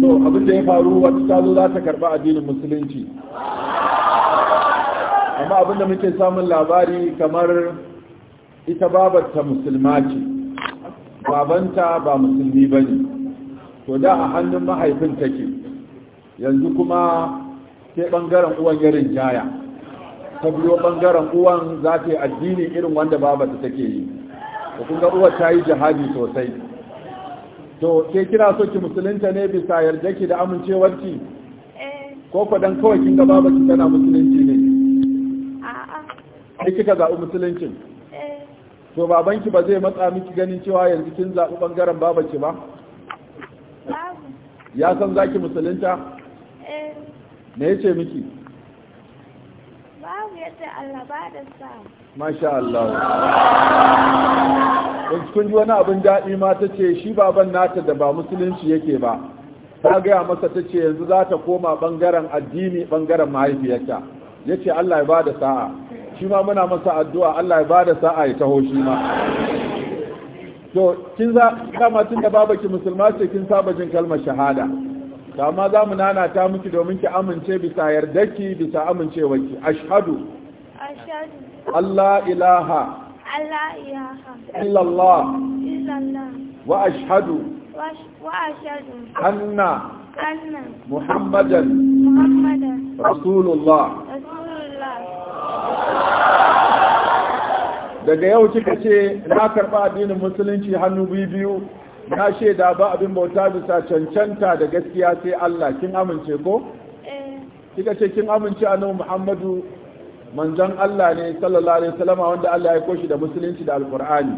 to abin da ya faru wata ta zo za ta karba addinin musulunci amma abin da muke samun labari kamar ita babarta musulma ce babanta ba musulmi ba ne to da a hannun mahaifin take yanzu kuma sai ɓangaren uwan yarin jaya ta biyo ɓangaren uwan za ta yi addini irin wanda babata take yi da kun ga uwar ta yi jihadi sosai to ke kira so ki musulunta ne bisa yarda ki da amincewarki eh. ko kwadan kawai kin ga baba ki kana musulunci ne a'a kika zaɓi musuluncin eh. to babanki ba zai matsa miki ganin cewa yanzu kin zaɓi ɓangaren babanki ba ya san za ki musulunta eh. me yace ce miki babu yadda Allah ba da sa masha Allah kun ji wani abin daɗi ma ta ce shi baban nata da ba musulunci yake ba ta gaya masa ta ce yanzu za ta koma ɓangaren addini ɓangaren mahaifiyarta ya ce Allah ya ba da sa'a shi ma muna masa addu'a Allah ya ba da sa'a ya taho shi ma to kin za kama tun da ki musulma ce kin saba jin kalmar shahada kama za mu nana ta miki domin ki amince bisa yardaki bisa amincewa ki ashhadu Allah الله Illallah. Wa ashadu. إلا Muhammadan. إلا daga yau kika ce na karɓa addinin musulunci hannu biyu na shaida ba abin bauta bisa cancanta da gaskiya sai Allah kin amince ko eh. kika ce kin amince annabi Muhammadu manzon Allah ne sallallahu alaihi wasallam wanda Allah ya koshi da musulunci da alqur'ani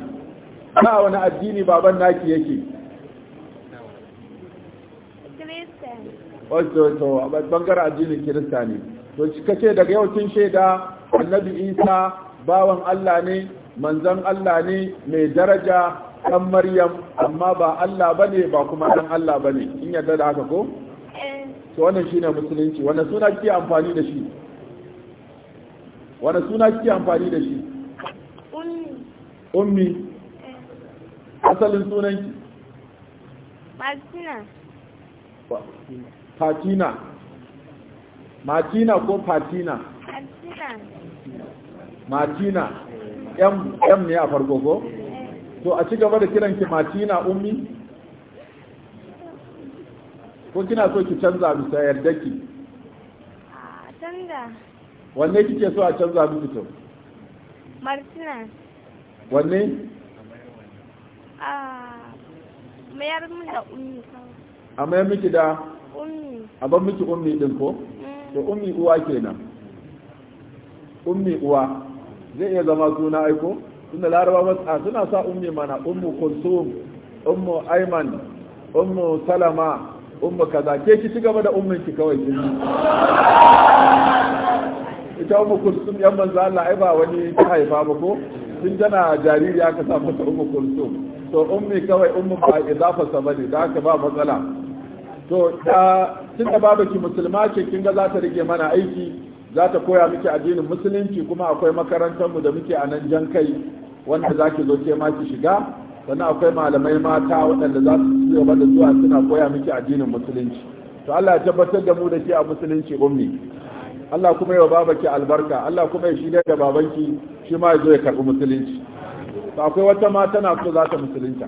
ba wani addini baban naki yake wato to bangaren addinin kirista ne to kace daga yau kin shaida annabi Isa bawan Allah ne manzon Allah ne mai daraja dan Maryam amma ba Allah bane ba kuma dan Allah bane in yarda da haka ko eh. to wannan shine musulunci wannan suna ke amfani da shi wani suna kike amfani da shi ummi asalin sunanki martina fatina matina ko fatina Matina, m ne a farko ko eh. to a ci gaba da kiranki Matina ummi ko kina so ki canza bisa yarda ki canza wanne kike so a canza miki to martina wanne mayar da ummi a mayar miki da ummi a ban miki ummi din ko mm. to ummi uwa kenan ummi uwa zai iya zama suna aiko tunda laraba masu suna sa ummi mana ummu kulsum ummu aiman ummu salama ummu kaza ke ki ci gaba da ummin ki kawai ita umu kulsum yan manzo Allah ai ba wani ta haifa ba ko tun tana jariri aka sa mata umu kulsum to ummi kawai ummu ba idafa sabani da aka ba matsala to ta babu ki musulma ce kin ga za ta rike mana aiki za ta koya miki addinin musulunci kuma akwai makarantar mu da muke a nan jan kai wanda zaki zo ke ma ki shiga sannan akwai malamai mata waɗanda za su zo da zuwa suna koya miki addinin musulunci to Allah ya tabbatar da mu da ke a musulunci ummi Allah kuma wa babaki albarka Allah kuma yi shirya da babanki shi ma zai karɓi musulunci to akwai wata ma tana so za ta musulunta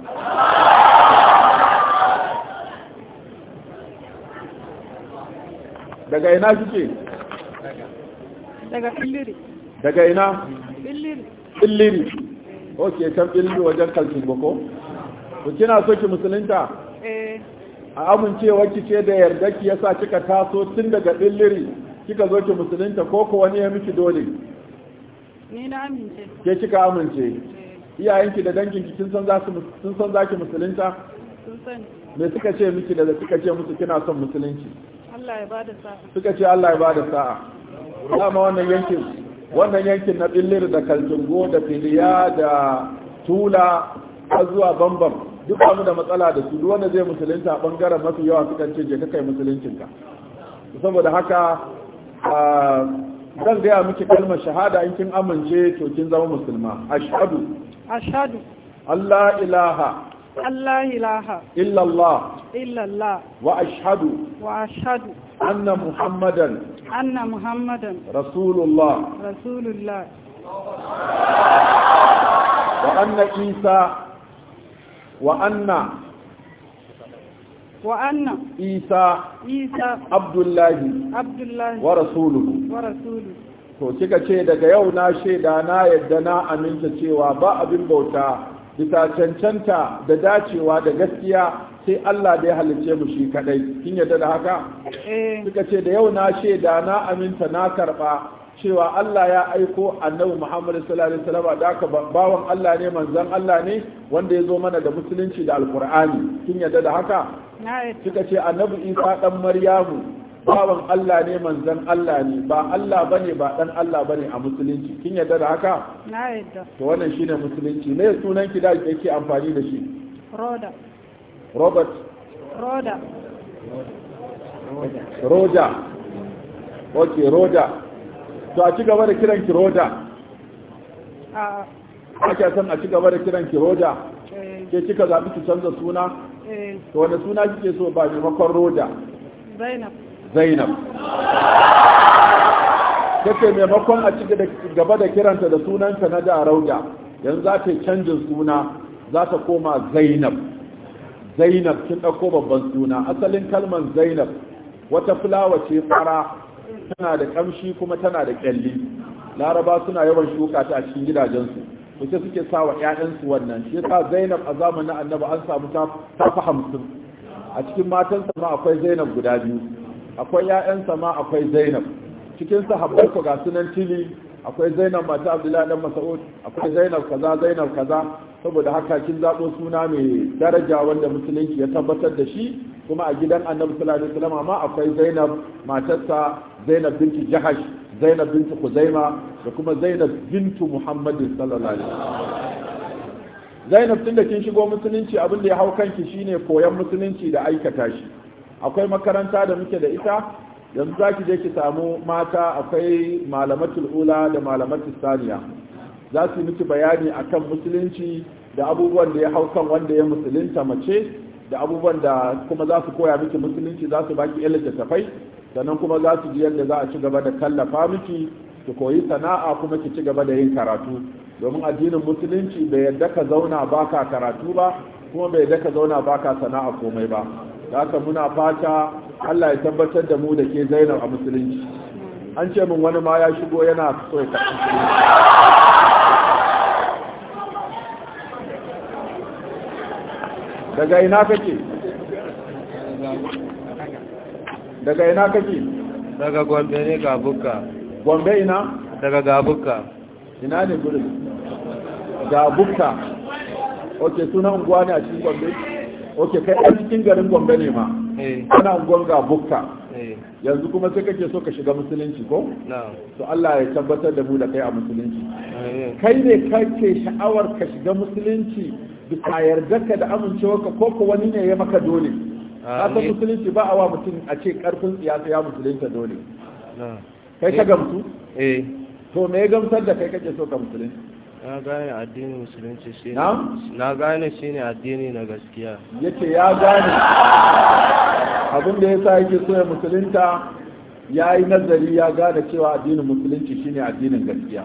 daga ina kike daga illiri daga ina illiri illiri ok can illiri wajen kalcin bako ku kina so ki musulunta eh a amincewa ki ce da yarda ki yasa kika taso tun daga illiri kika zo ki musulunta ko ko wani ya miki dole ni na amince ke kika amince eh. iyayenki da danginki kin san za su sun san zaki musulunta sun san me suka ce miki da suka ce musu kina son musulunci Allah ya bada sa'a suka ce Allah ya bada sa'a dama wannan yankin wannan yankin na billir da kaltungo da filiya da tula har zuwa bambam duk wani da matsala da su wanda zai musulunta bangaren mafi yawa sukan ce je ka kai musuluncinka saboda haka zan gaya miki kalmar shahada in kin amince to kin zama musulma ashhadu ashhadu Allah ilaha Allah ilaha illallah illallah wa ashhadu wa ashhadu anna muhammadan anna muhammadan rasulullah rasulullah wa anna isa wa anna وأن عيسى عيسى عبد الله عبد الله ورسوله ورسوله to kika ce daga yau na shaida na yadda na aminta cewa ba abin bauta bisa cancanta da dacewa da gaskiya sai Allah da ya halice mu shi kadai kin yadda da haka eh. kika ce da yau na shaida na aminta na karba cewa Allah ya aiko annabi Muhammad sallallahu alaihi wasallam da aka bawan Allah ne manzon Allah ne wanda ya zo mana da musulunci da alkur'ani kin yadda da haka kika ce annabi Isa dan Maryamu bawan Allah ne manzon Allah ne ba Allah bane ba dan Allah bane a musulunci kin yadda da haka na yadda to wannan shine musulunci ne sunan ki da yake amfani da shi Roda Robert Roda Roda okay Roda to a ci gaba da kiran ki roda ake son a ci gaba da kiran ki roda eh. ke kika zaɓi ki canza suna eh. to wanda suna kike so ba maimakon roda zainab zainab kake maimakon a ci gaba da kiranta da sunanta na da rauda yanzu za ta yi canjin suna za ta koma zainab zainab kin ɗauko babban suna asalin kalmar zainab wata fulawa ce fara tana da kamshi kuma tana da kyalli laraba suna yawan shuka ta a cikin gidajensu wace suke sa wa ƴaƴansu wannan shi yasa Zainab a zamanin Annabi an samu ta tafi 50 a cikin matansa ma akwai Zainab guda biyu akwai ƴaƴansa ma akwai Zainab cikin sahabbai ko ga sunan tili akwai Zainab mata Abdullahi dan Mas'ud akwai Zainab kaza Zainab kaza saboda haka kin zabo suna mai daraja wanda musulunci ya tabbatar da shi kuma a gidan Annabi sallallahu alaihi wasallam ma akwai Zainab matarsa zainab binti jahash zainab binti kuzaima da kuma zainab bintu muhammadin sallallahu alaihi zainab tun da kin shigo musulunci abin da ya hau kanki shine koyan musulunci da aikata shi akwai makaranta da muke da ita yanzu za ki je ki samu mata akwai malamatul ula da malamatul saniya za su miki bayani akan musulunci da abubuwan da ya hau kan wanda ya musulunta mace da abubuwan da kuma za su koya miki musulunci za su baki yan littattafai sannan kuma za su ji yadda za a ci gaba da tallafa miki ki koyi sana'a kuma ki ci gaba da yin karatu domin addinin musulunci bai yadda ka zauna ka karatu ba kuma bai yadda ka zauna ka sana'a komai ba haka muna fata Allah ya tabbatar da mu da ke Zainab a musulunci an ce min wani ma ya shigo yana so ya daga ina kake daga ina kake daga gombe ne gabuka gombe ina daga gabuka ina ne gurin gabuka oke suna unguwa ne a cikin gombe oke kai a cikin garin gombe ne ma eh. kana unguwar gabuka eh. yanzu kuma sai kake so ka shiga musulunci ko to Allah ya tabbatar da mu da kai a musulunci eh. kai ne kake sha'awar ka shiga musulunci bisa yarda ka da amincewa ka ko ko wani ne ya maka dole kasa musulunci ba a wa mutum a ce karfin siyasa ya musulunta dole kai ka eh. gamsu eh to me ya gamsar da kai kake so ka musulunci na gane addini musulunci shine na gane shine addini na gaskiya yace ya gane abin da yasa yake so ya musulunta ya yi nazari ya gane cewa addinin musulunci shine addinin gaskiya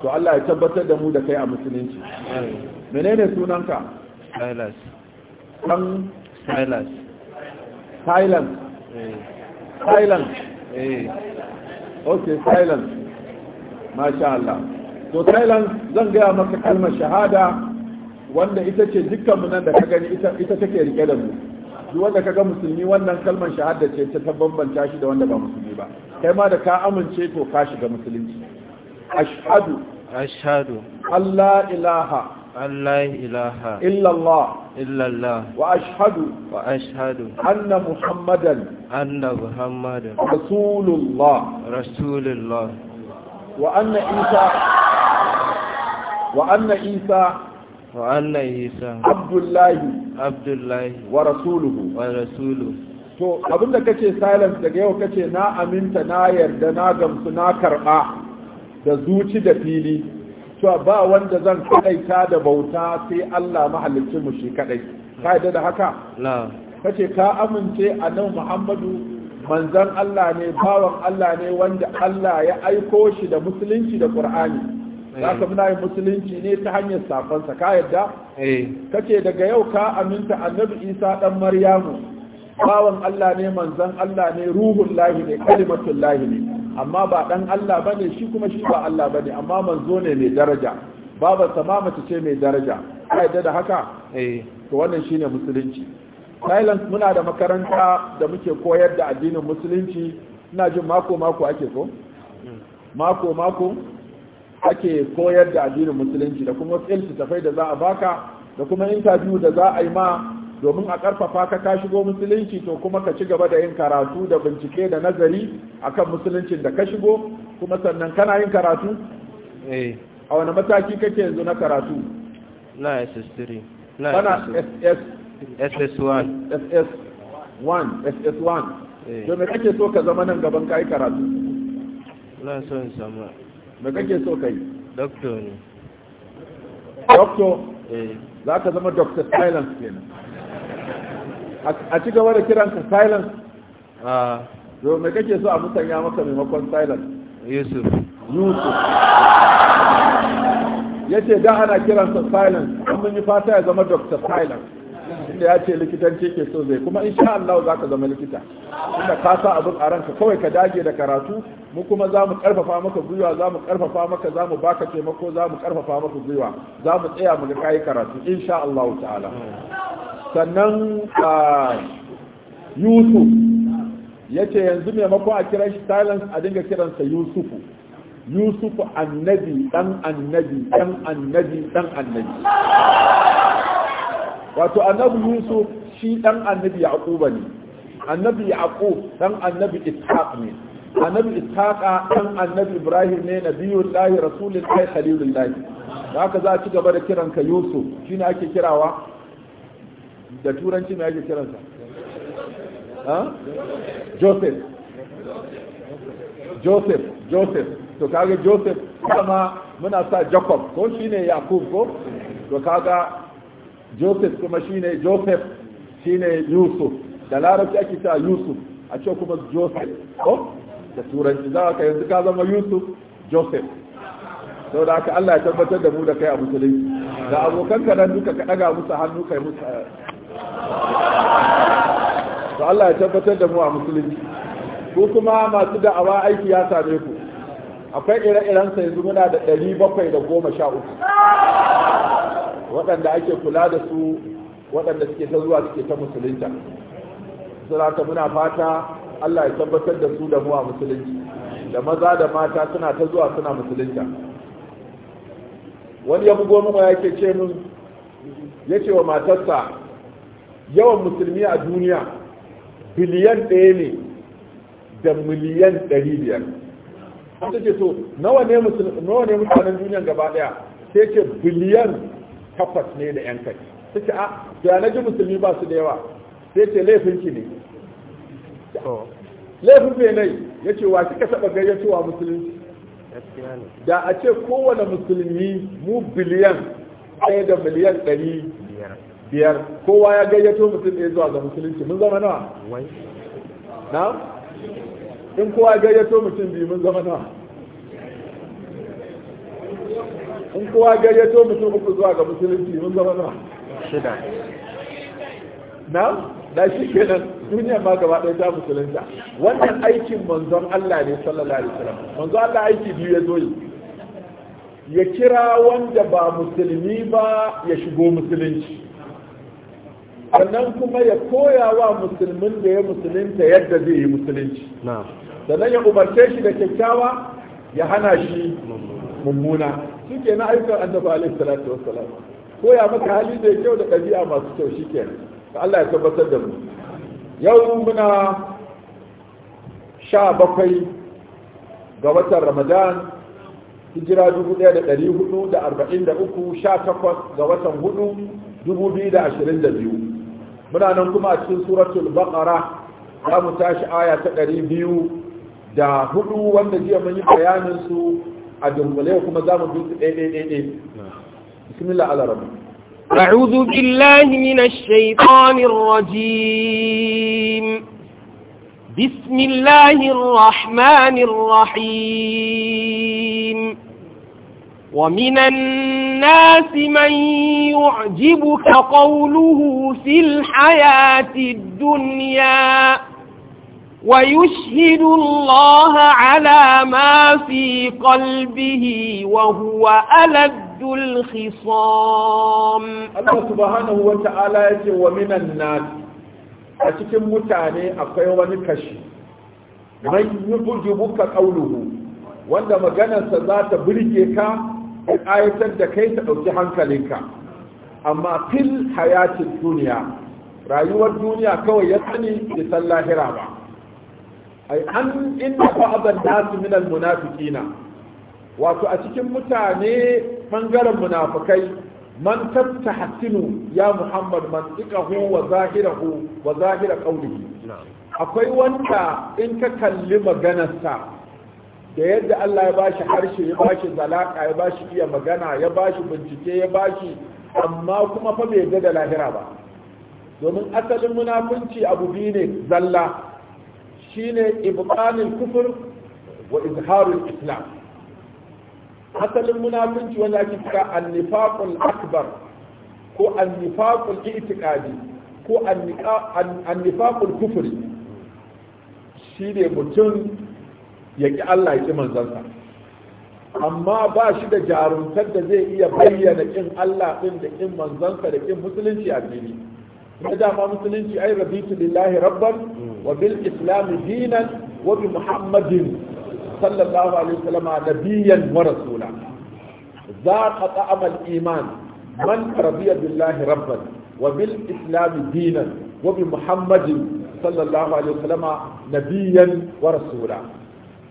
to Allah ya tabbatar da mu da kai a musulunci eh. menene sunanka Silas dan silence silence eh. Thailand. eh okay Thailand. masha Allah to Thailand zan gaya maka kalmar shahada wanda ita ce dukkanmu nan da ka gani ita take rike da mu duk wanda ka ga musulmi wannan kalmar shahada ce ta bambanta shi da wanda ba musulmi ba kai ma da ka amince to ka shiga musulunci ashhadu ashhadu Allah ilaha Allah ilaha illallah illallah wa ashhadu wa ashhadu anna muhammadan anna muhammadan rasulullah rasulullah wa anna isa wa anna isa wa anna isa abdullah wa rasuluhu wa rasuluhu to abinda kace silence daga yau kace na aminta na yarda na gamsu na karɓa da zuci da fili cewa ba wanda zan kaɗaita da bauta sai Allah mahallicin mu shi kaɗai. ka yadda da haka Ka ce ka amince a nan Muhammadu manzan Allah ne bawan Allah ne wanda Allah ya aiko shi da musulunci da eh. za ka muna yi musulunci ne ta hanyar safansa ka yadda eh. Ka ce daga yau ka aminta annabi Isa ɗan Maryamu bawan Allah ne manzan Allah ne ruhun lahi ne kalimatun lahi ne amma ba dan Allah bane shi kuma shi ba Allah bane amma manzo ne mai daraja baba sama mace ce mai daraja kai da haka eh to wannan shine musulunci Thailand muna da makaranta da muke koyar da addinin musulunci ina jin mako mako ake ko mako mako ake koyar da addinin musulunci da kuma wasu tafai da za a baka da kuma interview da za a yi ma domin a ƙarfafa ka ka shigo musulunci to kuma ka ci gaba da yin karatu da bincike da nazari akan musuluncin da ka shigo kuma sannan kana yin karatu eh a wani mataki kake yanzu na karatu na ss3 na ss ss1 ss1 ss1 to me kake so ka zama nan gaban kai karatu na so in samu me kake so kai doctor ne doctor eh za ka zama doctor silence kenan a ci gaba da ka silence to ah. me kake so a musanya maka maimakon silence yusuf yusuf ya ce da ana kiran sa silence an mun yi fata ya zama dr silence inda ya ce likitanci ke so zai kuma insha Allah za ka zama likita inda ka sa abin a ranka kawai ka dage da karatu mu kuma za mu karfafa maka gwiwa za mu karfafa maka za mu baka taimako za mu karfafa maka gwiwa za mu tsaya mu ga kayi karatu insha Allah ta'ala sannan yusuf ya ce yanzu maimako a kiran shi silence a dinga kiransa yusufu yusufu annabi dan annabi dan annabi dan annabi wato annabi yusuf shi dan annabi yaquba ne annabi yaqub dan annabi ishaq ne annabi ishaqa dan annabi ibrahim ne nabiyullahi rasulullahi khalilullahi haka za a ci gaba da kiranka yusuf shine ake kirawa da turanci mai ake kiransa joseph joseph joseph to kaga joseph kuma muna sa jacob ko shine yakub ko to kaga joseph kuma shine joseph shine yusuf da larabci ake sa yusuf a ce kuma joseph ko da turanci za ka yanzu ka zama yusuf joseph sau da haka allah ya tabbatar da mu da kai a musulunci da abokan ka nan duka ka daga musu hannu kai musu to Allah ya tabbatar da mu a musulunci ko kuma masu da'awa aiki ya same ku akwai ire-iren sai yanzu muna da 713 bakwai da goma sha uku waɗanda ake kula da su waɗanda suke ta zuwa suke ta musulunta suna ta muna fata Allah ya tabbatar da su da mu a musulunci da maza da mata suna ta zuwa suna musulunta wani ya bugo min ya ke ce min ya ce wa matarsa yawan musulmi a duniya biliyan ɗaya ne da miliyan ɗari biyar an suke so, nawa ne mutanen duniya gaba ɗaya sai ce biliyan takwas ne da yan kai ta ce a ah, da na ji musulmi ba su da yawa sai ce laifin ki ne laifin bai nai ya ce wa kika taɓa gayyatowa musulunci da a ce kowane musulmi mu biliyan ɗaya da miliyan ɗari biyar kowa ya gayyato mutum ɗaya zuwa ga musulunci mun zama nawa na in kowa ya gayyato mutum biyu mun zama nawa in kowa ya gayyato mutum uku zuwa ga musulunci mun zama nawa shida na da shi kenan duniya ma gaba ɗaya ta musulunta wannan aikin manzon Allah ne sallallahu alaihi wasallam manzon Allah aiki biyu ya zo ya kira wanda ba musulmi ba ya shigo musulunci sannan kuma ya koya wa musulmin da ya musulunta yadda zai yi musulunci sannan ya umarce shi da kyakkyawa ya hana shi mummuna shi ke na ayyukan annabi alaihi salatu wassalam koya maka hali da kyau da ɗabi'a masu kyau shi ke Allah ya tabbatar da mu yau muna sha bakwai ga watan ramadan hijira 1443 sha takwas ga watan hudu biyu muna nan kuma a cikin suratul baqara za mu tashi aya ta ɗari biyu da hudu wanda jiya mun yi bayanin su a dunkule kuma za mu bi su ɗaya ɗaya bismillah ala أعوذ بالله من الشيطان الرجيم بسم الله الرحمن الرحيم ومن الناس من يعجبك قوله في الحياة الدنيا ويشهد الله على ما في قلبه وهو ألد الخصام الله سبحانه وتعالى ومن الناس أتكم متعني أقوى كشي من يعجبك قوله wanda maganarsa za ta birge ka da ƙayatar da kai ta ɗauki hankalinka amma fil hayatin duniya rayuwar duniya kawai ya sani da san lahira ba ai an inda ba'adan nasu min almunafiqina wato a cikin mutane ɓangaren munafukai, man tattahatinu ya muhammad man tsikahu wa zahirahu wa zahira qawlihi akwai wanda in ka kalli maganarsa da yadda Allah ya bashi harshe ya bashi zalaka ya bashi iya magana ya bashi bincike ya bashi amma kuma fa bai yadda da lahira ba domin asalin munafunci abu biyu ne zalla shine ibqanul kufr wa izharul islam asalin munafunci wanda ake kira annifaqul akbar ko annifaqul i'tiqadi ko annifaqul kufri shine mutum ya ki Allah ya ki manzansa amma ba shi da jarumtar da zai iya bayyana kin Allah din da kin manzansa da kin musulunci a fili Na dama musulunci ai rabitu lillahi rabban wa bil islam dinan wa bi muhammadin sallallahu alaihi wasallam nabiyyan wa rasula zaqa ta'am al iman man radiya billahi rabban wa bil islam dinan wa bi muhammadin sallallahu alaihi wasallam nabiyyan wa rasula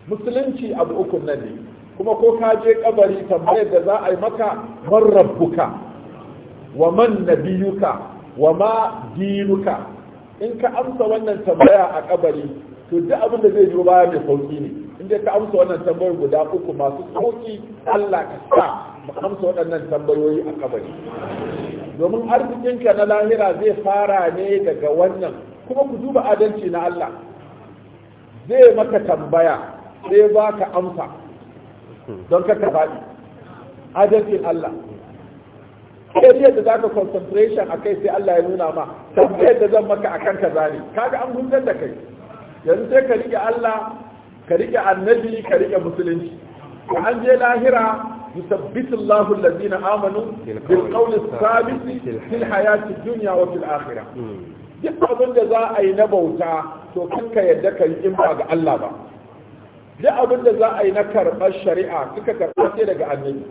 musulunci abu uku nan ne kuma ko ka je kabari tambayar da za a yi maka man rabbuka wa man nabiyuka wa ma dinuka in ka amsa wannan tambaya a kabari to duk abin da zai zo baya mai sauki ne in dai ka amsa wannan tambayar guda uku masu sauki Allah ka sa mu amsa waɗannan tambayoyi a kabari domin arzikinka na lahira zai fara ne daga wannan kuma ku duba adalci na Allah zai maka tambaya sai ba ka amsa don ka faɗi adalcin Allah sai da za ka concentration a kai sai Allah ya nuna ma tambayar da zan maka akan kaza ne kaga an hutar da kai yanzu sai ka rike Allah ka rike annabi ka rike musulunci ko an je lahira yusabbitu Allahu allazina amanu bil qawli thabit fil hayati dunya wa fil akhirah hmm. duk abin da za a yi na bauta to kanka yadda ka yi in ba ga Allah ba duk abin da za a yi na karɓar shari'a suka karɓar sai daga annabi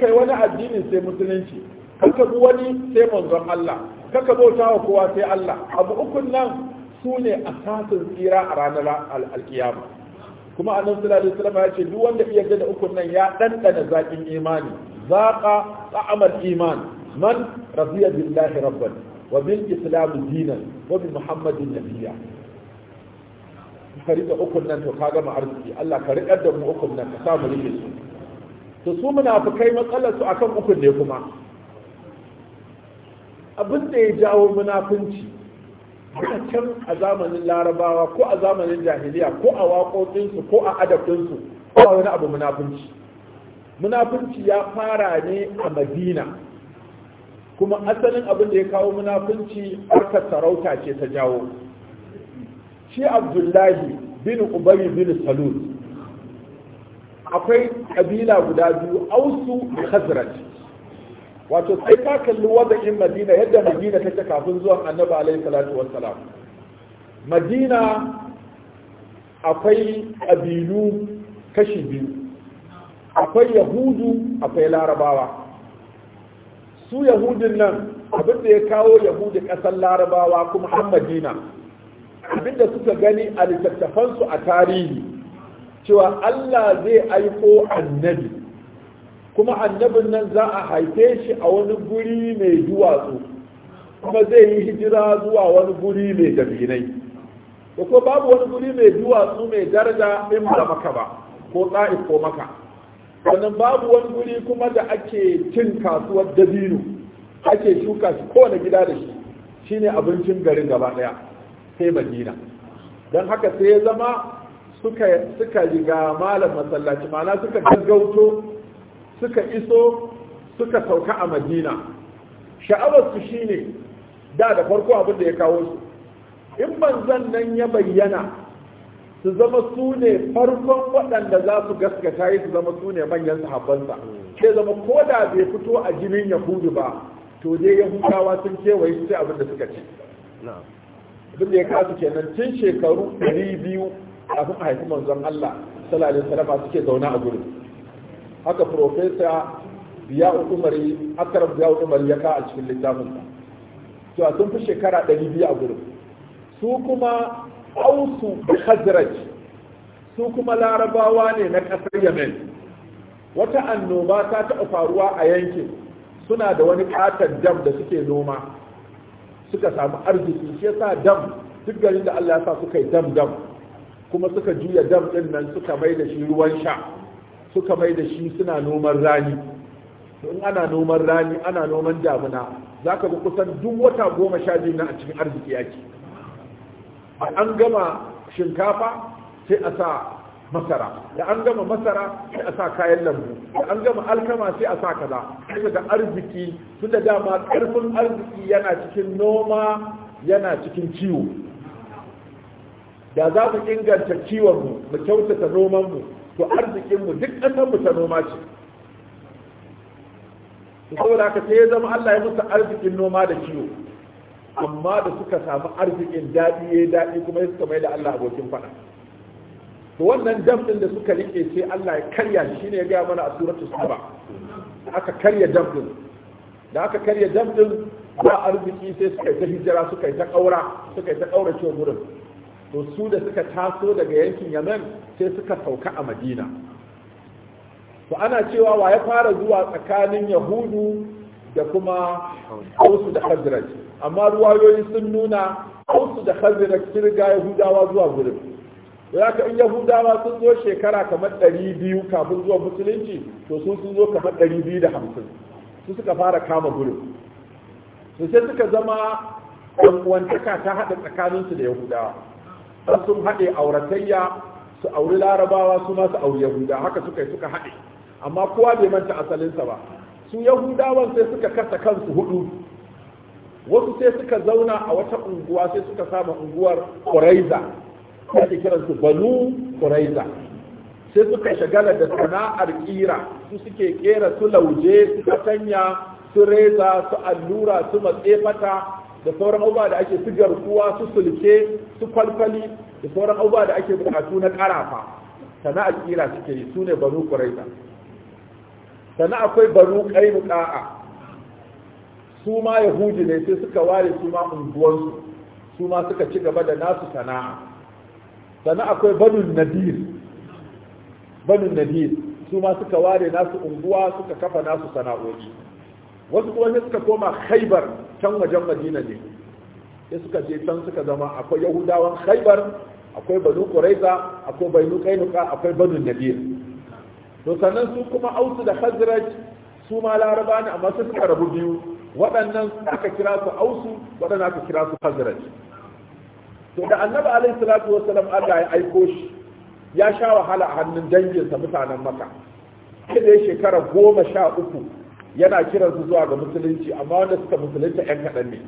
kai wani addini sai musulunci kaka bi wani sai manzon Allah kaka bauta wa kowa sai Allah abu ukun nan su ne asasin tsira a ranar alkiyama kuma annabi sallallahu alaihi wasallam ya ce duk wanda iya gane ukun nan ya dandana zakin imani zaqa ta'amal iman man radiya billahi rabban wa bil islam dinan wa bi muhammadin nabiyya ka riƙe ukun nan to ka gama arziki Allah ka riƙar da mu ukun nan ka samu riƙe su to su munafikai matsalar su akan ukun ne kuma abin da ya jawo munafunci a can a zamanin larabawa ko a zamanin jahiliya ko a waƙoƙinsu ko a adabinsu ko a wani abu munafunci munafunci ya fara ne a madina kuma asalin abin da ya kawo munafunci harkar sarauta ce ta jawo shi abdullahi bin ubari bin salul akwai kabila guda biyu ausu da khazraj wato sai ka kalli wada'in madina yadda madina take kafin zuwan annabi alaihi salatu wassalam madina akwai ƙabilu kashi biyu akwai yahudu akwai larabawa su Yahudin nan abin da ya kawo yahudu ƙasar larabawa kuma har madina abinda suka gani a littattafansu a tarihi cewa Allah zai aiko annabi kuma annabin nan za a haife shi a wani guri mai duwatsu kuma zai yi hijira zuwa wani guri mai dabinai da ko babu wani guri mai duwatsu mai daraja in ba maka ba ko tsa'i ko maka sannan babu wani guri kuma da ake cin kasuwar dabino ake shuka shi kowane gida da shi shine abincin garin gaba ɗaya. sai madina don haka sai ya zama suka riga malam masallaci mana suka gaggauto suka iso suka sauka a madina su shine da da farko abin da ya kawo su in manzan nan ya bayyana su zama su ne farkon waɗanda za su gaskata yi su zama su ne manyan sahabbansa sai zama ko da bai fito a jinin yahudu ba to dai yahudawa sun kewaye su sai abin da suka ce abin da ya kasu kenan tun shekaru 200 kafin a haifi manzon Allah sallallahu alaihi wasallam suke zauna a gurin haka professor biya umari akram biya umari ya ka a cikin littafin sa to a sun fi shekara 200 a gurin su kuma ausu khazraj su kuma larabawa ne na kasar yemen wata annoba ta taɓa faruwa a yankin suna da wani katon dam da suke noma suka samu arziki shi yasa dam duk garin da Allah ya sa suka yi dam dam kuma suka juya dam din nan suka mai da shi ruwan sha suka mai da shi suna noman rani to in ana noman rani ana noman damuna zaka ga kusan duk wata goma sha biyu na a cikin arziki yake an gama shinkafa sai a sa masara da an gama masara sai a sa kayan lambu da an gama alkama sai a sa kaza sai ga arziki su da dama karfin arziki yana cikin noma yana cikin ciwo da za mu inganta kiwon mu mu kyautata noman mu to arzikin mu duk kasan mu ta noma ce da haka sai ya zama Allah ya musu arzikin noma da ciwo. amma da suka samu arzikin daɗi ya daɗi kuma ya suka mai da Allah abokin faɗa to wannan dam da suka rike sai Allah ya karya shi ne ya ga mana a suratul saba aka karya dam da aka karya dam ba arziki sai suka ta hijira suka ta kaura suka ta kaura cewa gurin to su da suka taso daga yankin Yemen sai suka sauka a Madina to ana cewa wa ya fara zuwa tsakanin Yahudu da kuma Hausu da Khazraj amma ruwayoyi sun nuna Hausu da Khazraj sun riga Yahudawa zuwa gurin ka in yahudawa sun zo shekara kamar ɗari biyu kafin zuwa musulunci to sun sun zo kamar ɗari biyu da hamsin su suka fara kama gurin su sai suka zama uwantaka ta haɗa tsakaninsu da yahudawa don sun haɗe auratayya su auri larabawa su ma su auri yahuda haka suka yi suka haɗe amma kowa bai manta asalinsa ba su Yahudawa sai suka kasa kansu hudu wasu sai suka zauna a wata unguwa sai suka saba unguwar ƙuraiza ake kiransu banu kuraiza sai suka shagala da sana'ar kira su suke kera su lauje su katanya su reza su allura su matsefata da sauran abubuwa da ake su garkuwa su sulke su kwalkwali da sauran abubuwa da ake bukatu na karafa sana'ar kira suke yi su ne banu kuraiza sana akwai banu su ma yahudi ne sai suka ware su ma unguwarsu su ma suka ci gaba da nasu sana'a sana akwai banun nadir banun nadir su ma suka ware nasu unguwa suka kafa nasu sana'o'i wasu kuma ne suka koma khaibar can wajen madina ne sai suka je can suka zama akwai yahudawan khaibar akwai banu quraiza akwai banu kainuka akwai banu nadir to sannan su kuma ausu da khazraj su ma laraba ne amma su suka rabu biyu waɗannan aka kira su ausu waɗannan aka kira su khazraj to da annabi alayhi salatu salam Allah ya aiko shi ya sha wahala a hannun danginsa mutanen maka sai da shekara goma sha uku yana kiransu zuwa ga musulunci amma wanda suka musulunta yan kaɗan ne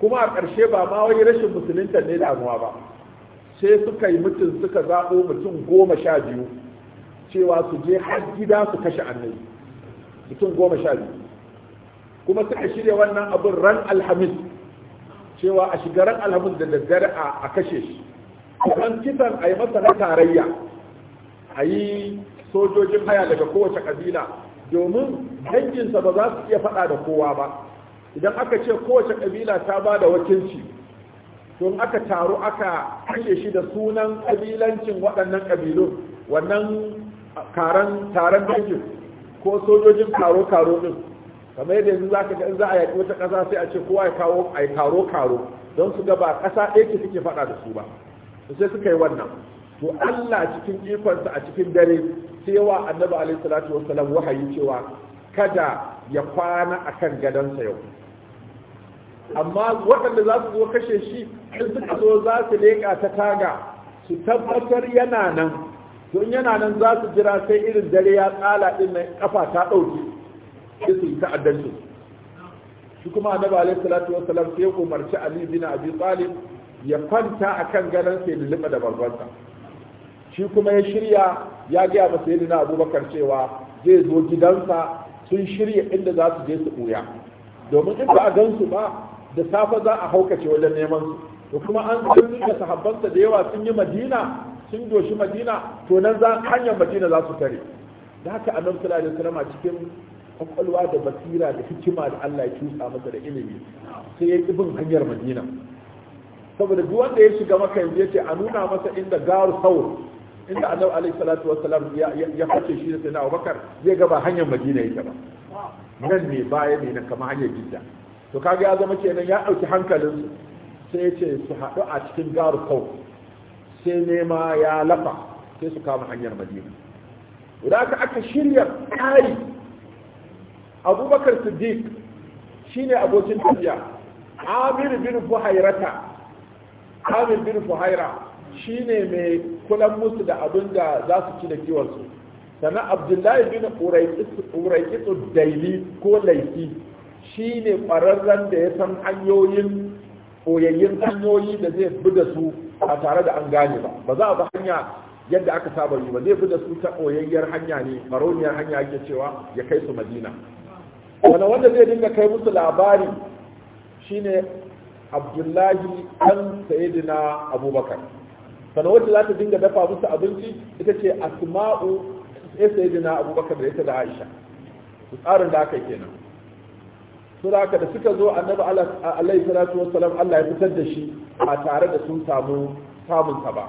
kuma a ƙarshe ba ma wani rashin musulunta ne damuwa ba sai suka yi mutum suka zaɓo mutum goma sha biyu cewa su je har gida su kashe annabi mutum goma sha biyu kuma suka shirya wannan abun ran alhamis cewa a shigaran alhamis da daddare a kashe shi don kisan a yi masa na tarayya a yi sojojin haya daga kowace kabila domin danginsa ba za su iya faɗa da kowa ba idan aka ce kowace kabila ta ba da wakilci don aka taru aka kashe shi da sunan kabilancin waɗannan kabilu wannan taron dangin ko sojojin karo-karo din kamar yadda yanzu za ka ga in za a yaƙi wata ƙasa sai a ce kowa ya kawo a karo karo don su ga ba ƙasa ɗaya ke suke faɗa da su ba sai suka yi wannan to Allah cikin ikonsa a cikin dare sai yawa annabi alaihi salatu salam wahayi cewa kada ya kwana a kan gadonsa yau amma waɗanda za su zo kashe shi in suka zo za su leƙa ta taga su tabbatar yana nan don yana nan za su jira sai irin dare ya tsala ɗin nan ƙafa ta ɗauki sai yi ta'addancin shi kuma annabi alayhi salatu wassalam sai ya umarci ali bin abi talib ya kwanta akan gadon sai lulluɓa da barbarta shi kuma ya shirya ya gaya sai yadda abubakar cewa zai zo gidansa sun shirya inda za su je su buya? domin in ba a gansu ba da safa za a haukace wajen neman su to kuma an san da sahabbansa da yawa sun yi madina sun doshi madina to nan za hanyar madina za su tare da haka annabi sallallahu alaihi wasallam cikin kwakwalwa da basira da hikima da Allah ya cusa masa da ilimi sai ya yi bin hanyar madina saboda duk wanda ya shiga maka yanzu yace a nuna masa inda garu sau inda annabi alaihi salatu wassalam ya fice shi da sayyidina Abubakar zai ga ba hanyar madina yake ba nan ne baya ne na kama hanyar jidda to kaga ya zama kenan ya dauki hankalin sai ya ce su haɗu a cikin garu sau sai nema ya lafa sai su kama hanyar madina idan aka shirya tsari abubakar siddiq shine abokin tafiya amir bin fuhairata amir bin fuhaira shine mai kulan musu da abin da za su ci da kiwonsu sannan abdullahi bin uraikitu daili ko laifi shi ne ƙwararren da ya san hanyoyin koyayyen hanyoyi da zai bi da su a tare da an gane ba ba za a ba hanya yadda aka saba yi ba zai bi da su ta koyayyar hanya ne maroniyar hanya ake cewa ya kai su madina wanda wanda zai dinga kai musu labari shine abdullahi ɗan sayidina abubakar sannan wacce za ta dinga dafa musu abinci ita ce asma'u ya sayidina abubakar da ita da aisha tsarin da aka yi kenan su da da suka zo annabi alaihi salatu wassalam allah ya fitar da shi a tare da sun samu samunsa ba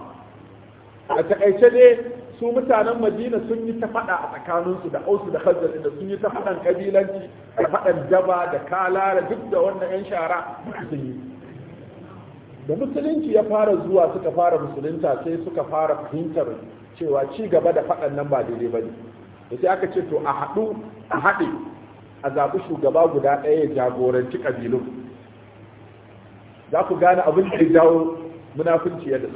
a takaice ne su mutanen madina sun yi ta faɗa a tsakaninsu da ausu da hajjar da sun yi ta faɗan kabilanci da faɗan jaba da da duk da wannan yan shara sun yi da musulunci ya fara zuwa suka fara musulunta sai suka fara fahimtar cewa ci gaba da faɗan nan ba daidai ba ne da sai aka ce to a haɗu a haɗe a zaɓi shugaba guda ɗaya ya jagoranci ƙabilun za ku gane abin da ya dawo munafunci ya da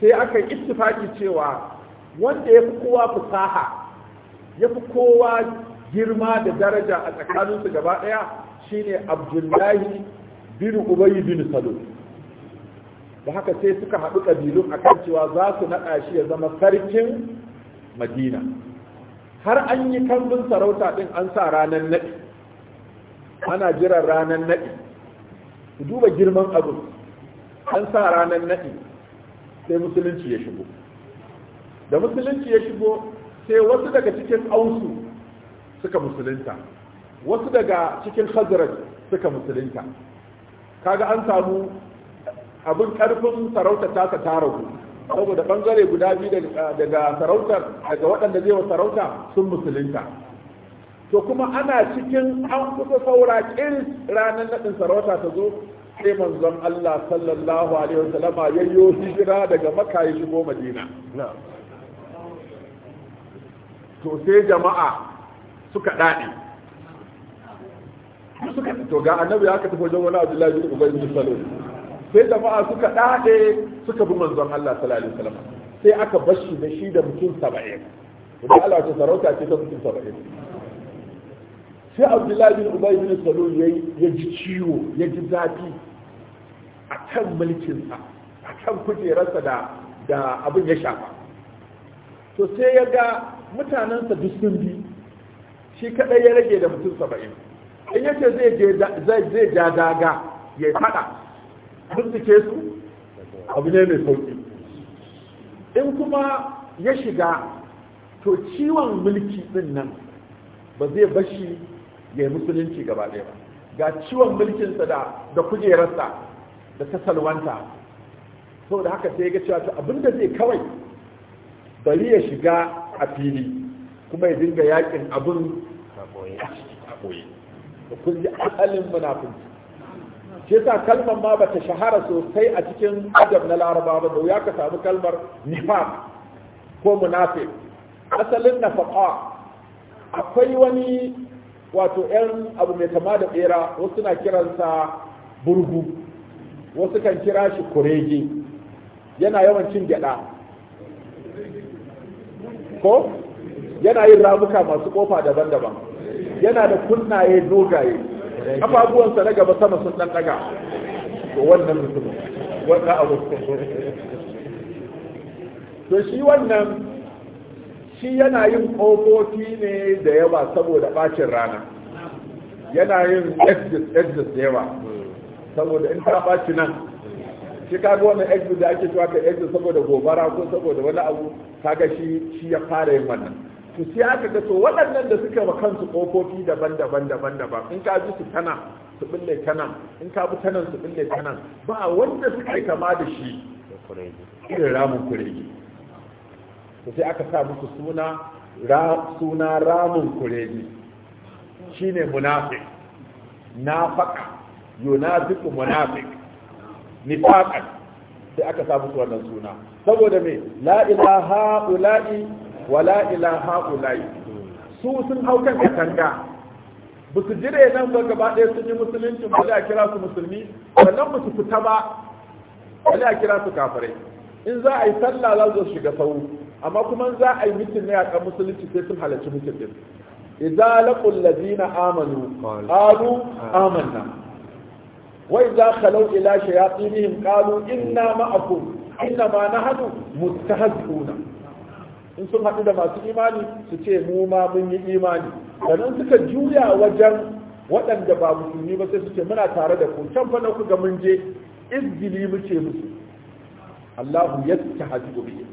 sai aka yi ittifaki cewa wanda ya fi kowa fusaha ya fi kowa girma da daraja a tsakaninsu gaba ɗaya shine abdullahi bin ubayi bin salo da haka sai suka haɗu ƙabilun a kan cewa za su naɗa shi ya zama sarkin madina har an yi kambun sarauta ɗin an sa ranar naɗi ana jiran ranar naɗi ku duba girman abu an sa ranar naɗi sai musulunci ya shigo da musulunci ya shigo sai wasu daga cikin ausu suka musulunta wasu daga cikin hazrat suka musulunta kaga an samu abin karfin sarauta ta ta ragu saboda bangare guda biyu daga sarautar daga waɗanda zai wa sarauta sun musulunta to kuma ana cikin an kusa saura irin ranar naɗin sarauta ta zo sai manzon Allah sallallahu alaihi wasallama yayyo hijira daga Makka ya shigo Madina to sai jama'a suka daɗe. to ga annabi aka tafi wajen wani abdullahi bin ubay bin salul sai jama'a suka dade suka bi manzon Allah sallallahu alaihi wasallam sai aka bashi da shi da mutum 70 idan Allah ya sarauta ce ta mutum 70 sai abdullahi bin ubay bin salul ya ji ciwo ya ji zafi a kan mulkin sa, a kan kujerarsa da abin ya shafa to sai ya ga mutanensa duk sun bi shi kaɗai ya rage da mutum saba'in in ya ce zai ja daga ya fada bincike su abu ne mai sauƙi. in kuma ya shiga to ciwon mulki din nan ba zai bashi ya yi musulunci gaba ɗaya ba ga ciwon mulkinsa da da kujerarsa da ta salwanta saboda haka sai ya ga cewa abinda zai kawai bari ya shiga a fili kuma ya dinga yakin abun a kun ji asalin munafunci shi yasa kalmar ma bata shahara sosai a cikin adab na laraba ba da wuya ka samu kalmar nifaq ko munafiq asalin nafaqa akwai wani wato yan abu mai kama da ɓera. wasu na kiransa burgu wasu kan kira shi kurege yana yawan cin gyada ko yana yin ramuka masu kofa daban-daban yana da kunnaye dogaye ababuwansa na gaba sama sun dan daga to wannan mutum wanda abu to shi wannan shi yana yin kofofi ne da yawa saboda bacin rana yana yin exit exit da yawa saboda in ta ɓaci nan shi kaga wannan exit da ake cewa ka exit saboda gobara ko saboda wani abu kaga shi shi ya fara yin wannan to sai aka ga to waɗannan da suka ba kansu kofofi daban-daban daban-daban in ka ji su tana su bille tana in ka bi tana su bille tana ba wanda suka kama da shi irin ramin kuregi to sai aka sa musu suna ra suna ramin kuregi shine munafiq nafaka yunafiqu munafiq nifaqan sai aka samu su wannan suna saboda me la ilaha ula'i wa la ilaha ula'i su sun hau kan katanga ba su jire nan ba gaba ɗaya sun yi musulunci ba a kira su musulmi sannan ba su fita ba ba a kira su kafirai in za a yi sallah za su shiga sau amma kuma za a yi mutum ne a kan musulunci sai sun halarci mutum din idza laqul ladina amanu qalu amanna wai za khalau ila shayatinihim qalu inna ma'akum inna ma nahnu mustahzi'una in sun haɗu da masu imani su ce mu ma mun yi imani sannan suka juya wajen waɗanda ba musulmi ba sai su ce muna tare da ku can fa na ku mun je izgili muke musu Allahu yastahzi'u bihi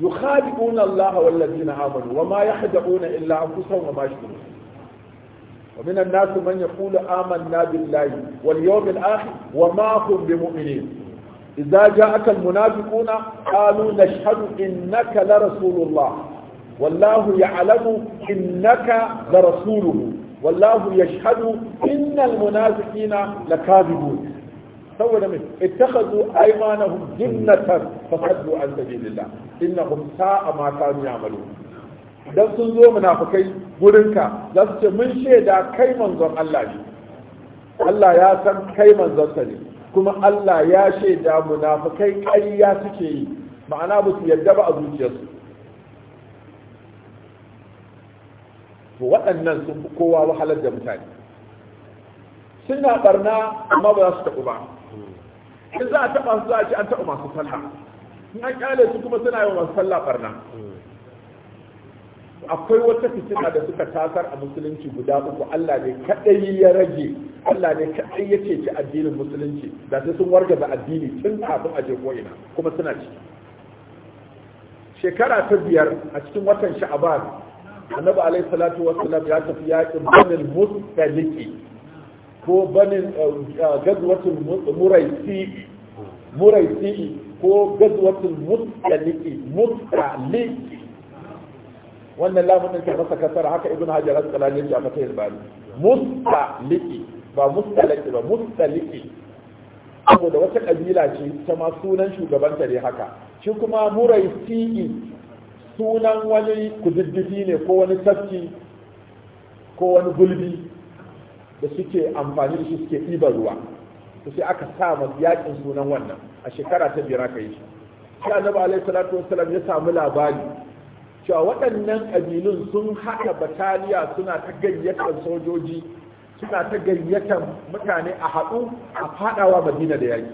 yukhadi'una Allah wal ladina amanu wa ma yahda'una illa anfusahum wa ma yashkurun ومن الناس من يقول آمنا بالله واليوم الآخر وما هم بمؤمنين إذا جاءك المنافقون قالوا نشهد إنك لرسول الله والله يعلم إنك لرسوله والله يشهد إن المنافقين لكاذبون سوى من اتخذوا أيمانهم جنة فصدوا عن سبيل الله إنهم ساء ما كانوا يعملون idan sun zo munafukai gurinka za su ce mun shaida kai manzon Allah ne Allah ya san kai manzonsa ne kuma Allah ya shaida munafukai ƙarya suke yi ma'ana ba su yadda ba a zuciyarsu to waɗannan sun fi kowa wahalar da mutane suna barna amma ba za su taɓu ba in za a taɓa su za a ce an taɓa masu sallah in an kyale su kuma suna yi wa masu sallah barna akwai wata fitina da suka tasar a musulunci guda uku Allah ne kadai ya rage Allah ne kadai ya ceci addinin musulunci da sai sun wargaza addini tun kafin a je ko'ina kuma suna ciki. shekara ta biyar a cikin watan sha'aban annabi alayhi salatu wassalam ya tafi yaƙin banin mustaliki ko banin eh, eh, gazwatul muraisi muraisi ko gazwatul mustaliki mustaliki wannan lamun ta ke masa kasar haka ibn hajar al-asqalani ya fata ilbani mustaliki ba mustaliki ba mustaliki saboda wata kabila ce ta ma sunan shugabanta ne haka shi kuma Murai muraisi sunan wani kududdufi ne ko wani tafki ko wani gulbi da suke amfani da shi suke ɗiba ruwa to sai aka sa ma yakin sunan wannan a shekara ta biyar aka yi shi sai annabi alaihi salatu wassalam ya samu labari cewa waɗannan ƙabilun sun haɗa bataliya suna ta gayyatar sojoji suna ta gayyatar mutane a haɗu a faɗawa madina da yaƙi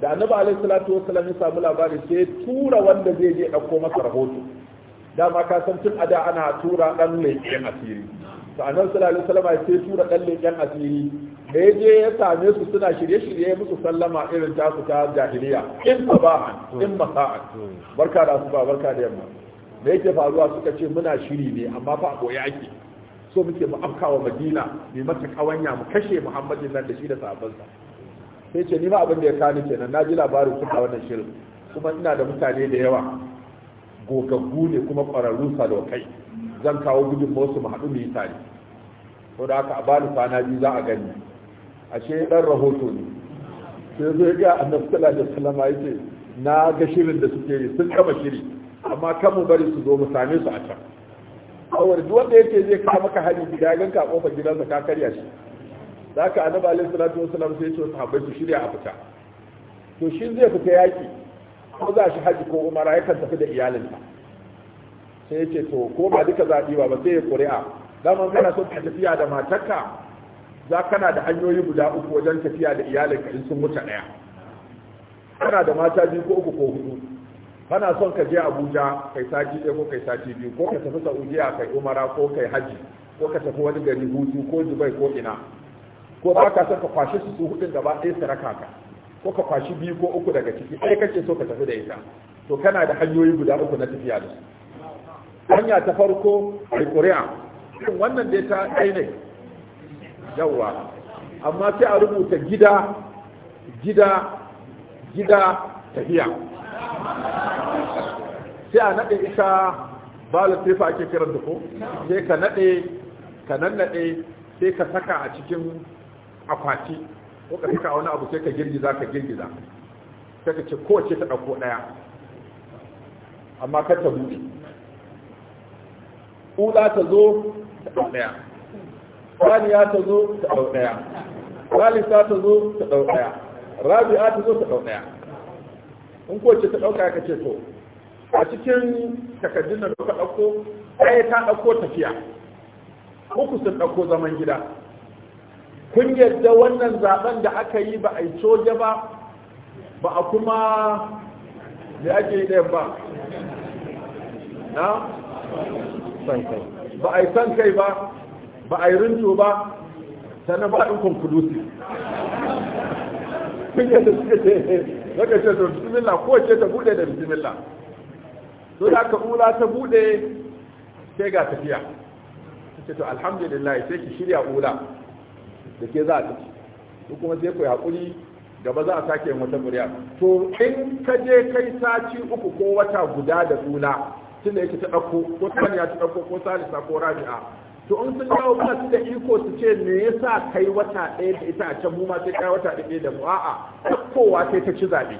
da annabi alaihi salatu wasallam ya samu labari sai tura wanda zai je ɗauko masa rahoto dama ka san tun ada ana tura ɗan leƙen asiri to annabi sallallahu alaihi wasallam sai tura ɗan leƙen asiri da ya je ya same su suna shirye-shirye musu sallama irin tasu ta jahiliya in saba'an in masa'an barka da su ba barka da yamma da yake faruwa suka ce muna shiri ne amma fa a ake so muke mu afkawa madina mai mata kawanya mu kashe muhammadin nan da shi da sabonsa. sai ce ni ma abin da ya kani kenan na ji labarin a wannan shirin kuma ina da mutane da yawa gogaggu ne kuma ƙwararru salokai zan kawo gudun mu haɗu mu yi tare ko da aka a bani kwana biyu za a gani ashe dan rahoto ne sai zai ga annabi sallallahu alaihi wasallam ya ce na ga shirin da suke yi sun kama shiri amma kan mu bari su zo mu same su a can kawai duk wanda yake zai kawo maka hali gida ya ganka a kofar gidansa ka karya shi za ka annabi alaihi salatu wasallam sai ya ce sahabbai su shirya a fita to shi zai fita yaki ko za shi haji ko umara yakan tafi da iyalinsa sai ya ce to ko ba duka zaɓi ba ba sai ya ƙuri'a dama kana so ka tafiya da matarka za kana da hanyoyi guda uku wajen tafiya da iyalinka in sun mutu ɗaya kana da mata biyu ko uku ko hudu kana son ka je abuja kai sati ɗaya ko kai sati biyu ko ka tafi saudiya kai umara ko kai haji ko ka tafi wani gari hutu ko dubai ko ina ko ba ka son ka kwashi su hudun gaba ɗaya su raka ka ko ka kwashi biyu ko uku daga ciki ɗaya kake so ka tafi da ita to kana da hanyoyi guda uku na tafiya da su hanya ta farko a ƙuri'a wannan dai ta ɗaya ne yawa amma sai a rubuta gida gida gida tafiya sai a naɗe ita sai tefa ake kiran da ko sai ka naɗe ka nannaɗe sai ka saka a cikin akwati ko ka saka wani abu sai ka girgiza ka girgiza sai ka ce kowace ta ɗauko ɗaya amma kar ta buɗe ƙula ta zo ta ɗaya saniya ta zo ta ɗau ɗaya salisa ta zo ta ɗau ɗaya rabi'a ta zo ta ɗau ɗaya in ko ce ta ɗauka ka ce to a cikin takaddun da ka ɗauko ɗaya ta ɗauko tafiya uku sun ɗauko zaman gida kun yadda wannan zaben da aka yi ba a yi coje ba ba a kuma da ake yi ɗayan ba na? san kai ba a yi san kai ba ba a yi rinto ba sannan ba ɗin conclusive kun yadda suka ce daga ce da bismillah ko ce ta buɗe da bismillah So da ka ula ta buɗe sai ga tafiya ce to alhamdulillah sai ki shirya ula da ke za a tafi ko kuma sai ku haƙuri gaba za a sake yin wata murya to in ka je kai sati uku ko wata guda da ula tunda yake ta ɗauko ko saniya ta ɗauko ko salisa ko rabi'a to in sun kawo ba su da iko su ce me yasa kai wata ɗaya da ita a can mu ma sai kai wata ɗaya da mu a'a kowa sai ta ci zaɓe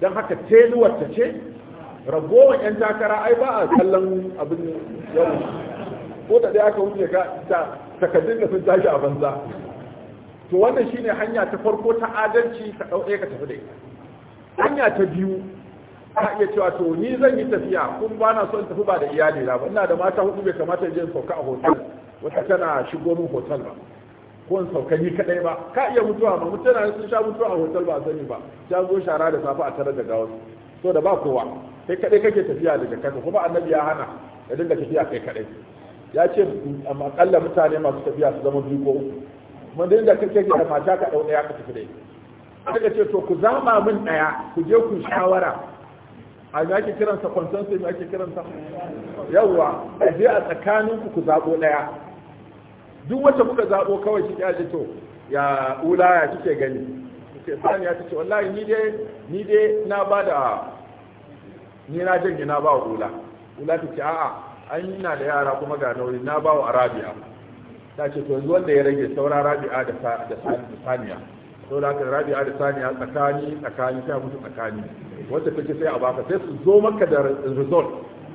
don haka teluwar ta ce ragowar 'yan takara ai ba a kallon abin yau ko da ɗaya aka wuce ga takaddun da sun tashi a banza to wannan shine hanya ta farko ta adalci ka ɗauke ka tafi da ita hanya ta biyu ka iya cewa to ni zan yi tafiya kun ba na son tafi ba da iyali na ba ina da mata hudu bai kamata je sauka a hotel wata tana shigo min hotel ba ko in sauka ni kadai ba ka iya mutuwa ba mutane sun sha mutuwa a hotel ba sani ba ta zo shara da safa a tare da gawa so da ba kowa kai kadai kake tafiya daga kanka kuma annabi ya hana ya dinga tafiya kai kadai ya ce amma akalla mutane masu tafiya su zama biyu ko uku kuma dinga kake da mata ka dau daya ka tafi dai kaga ce to ku zama min daya ku je ku shawara a ake kiransa consensus ya ake kiransa yawwa a je a tsakanin ku zaɓo ɗaya duk wacce kuka zaɓo kawai shi ƙyaji to ya ula ya kike gani ce sani ya ce wallahi ni dai ni dai na ba da ni na janye na ba wa ula ula ta ce a'a an yi na da yara kuma ga nauyi na ba wa arabiya ta ce to yanzu wanda ya rage saura rabi'a da saniya sau da haka rabi'a da a tsakani tsakani a mutu tsakani wanda take sai a baka sai su zo maka da result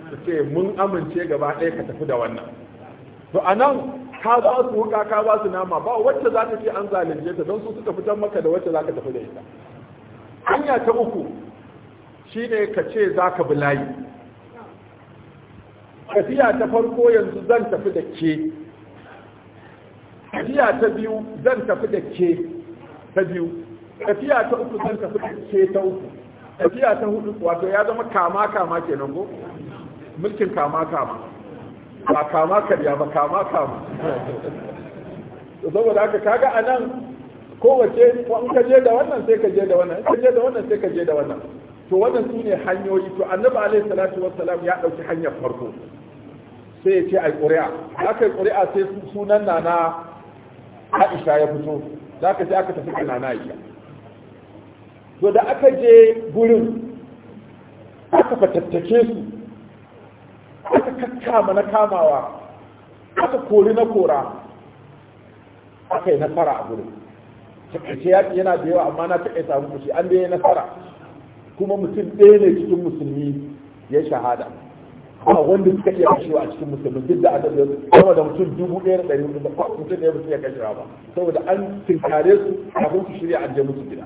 su ce mun amince gaba ɗaya ka tafi da wannan to a nan ka ba su wuka ka ba su nama ba wacce za ta ce an zalunce ta don su suka fitar maka da wacce za ka tafi da ita hanya ta uku shine ka ce za ka bi layi tafiya ta farko yanzu zan tafi da ke tafiya ta biyu zan tafi da ke ta biyu tafiya ta uku san ka ce ta uku tafiya ta hudu wato ya zama kama kama kenan go mulkin kama kama ba kama karya ba kama kama saboda haka kaga anan kowace in ka je da wannan sai ka je da wannan in ka je da wannan sai ka je da wannan to wannan su ne hanyoyi to annabi alaihi salatu wassalam ya dauki hanyar farko sai ya ce ai ƙuri'a aka yi ƙuri'a sai sunan na na Aisha ya fito za ka sai aka tafi kana na aisha to da aka je gurin aka fatattake su aka kakkama na kamawa aka kori na kora aka yi nasara a gurin takaice yaƙi yana da yawa amma na taƙaita samu kushi an da ya nasara kuma mutum ɗaya ne cikin musulmi ya shahada ba wanda suka iya kashewa a cikin musulmi duk da adadin kuma da mutum dubu ɗaya da ɗari hudu ba mutum ne ba su iya ba saboda an tinkare su kafin su shirya an je musu gida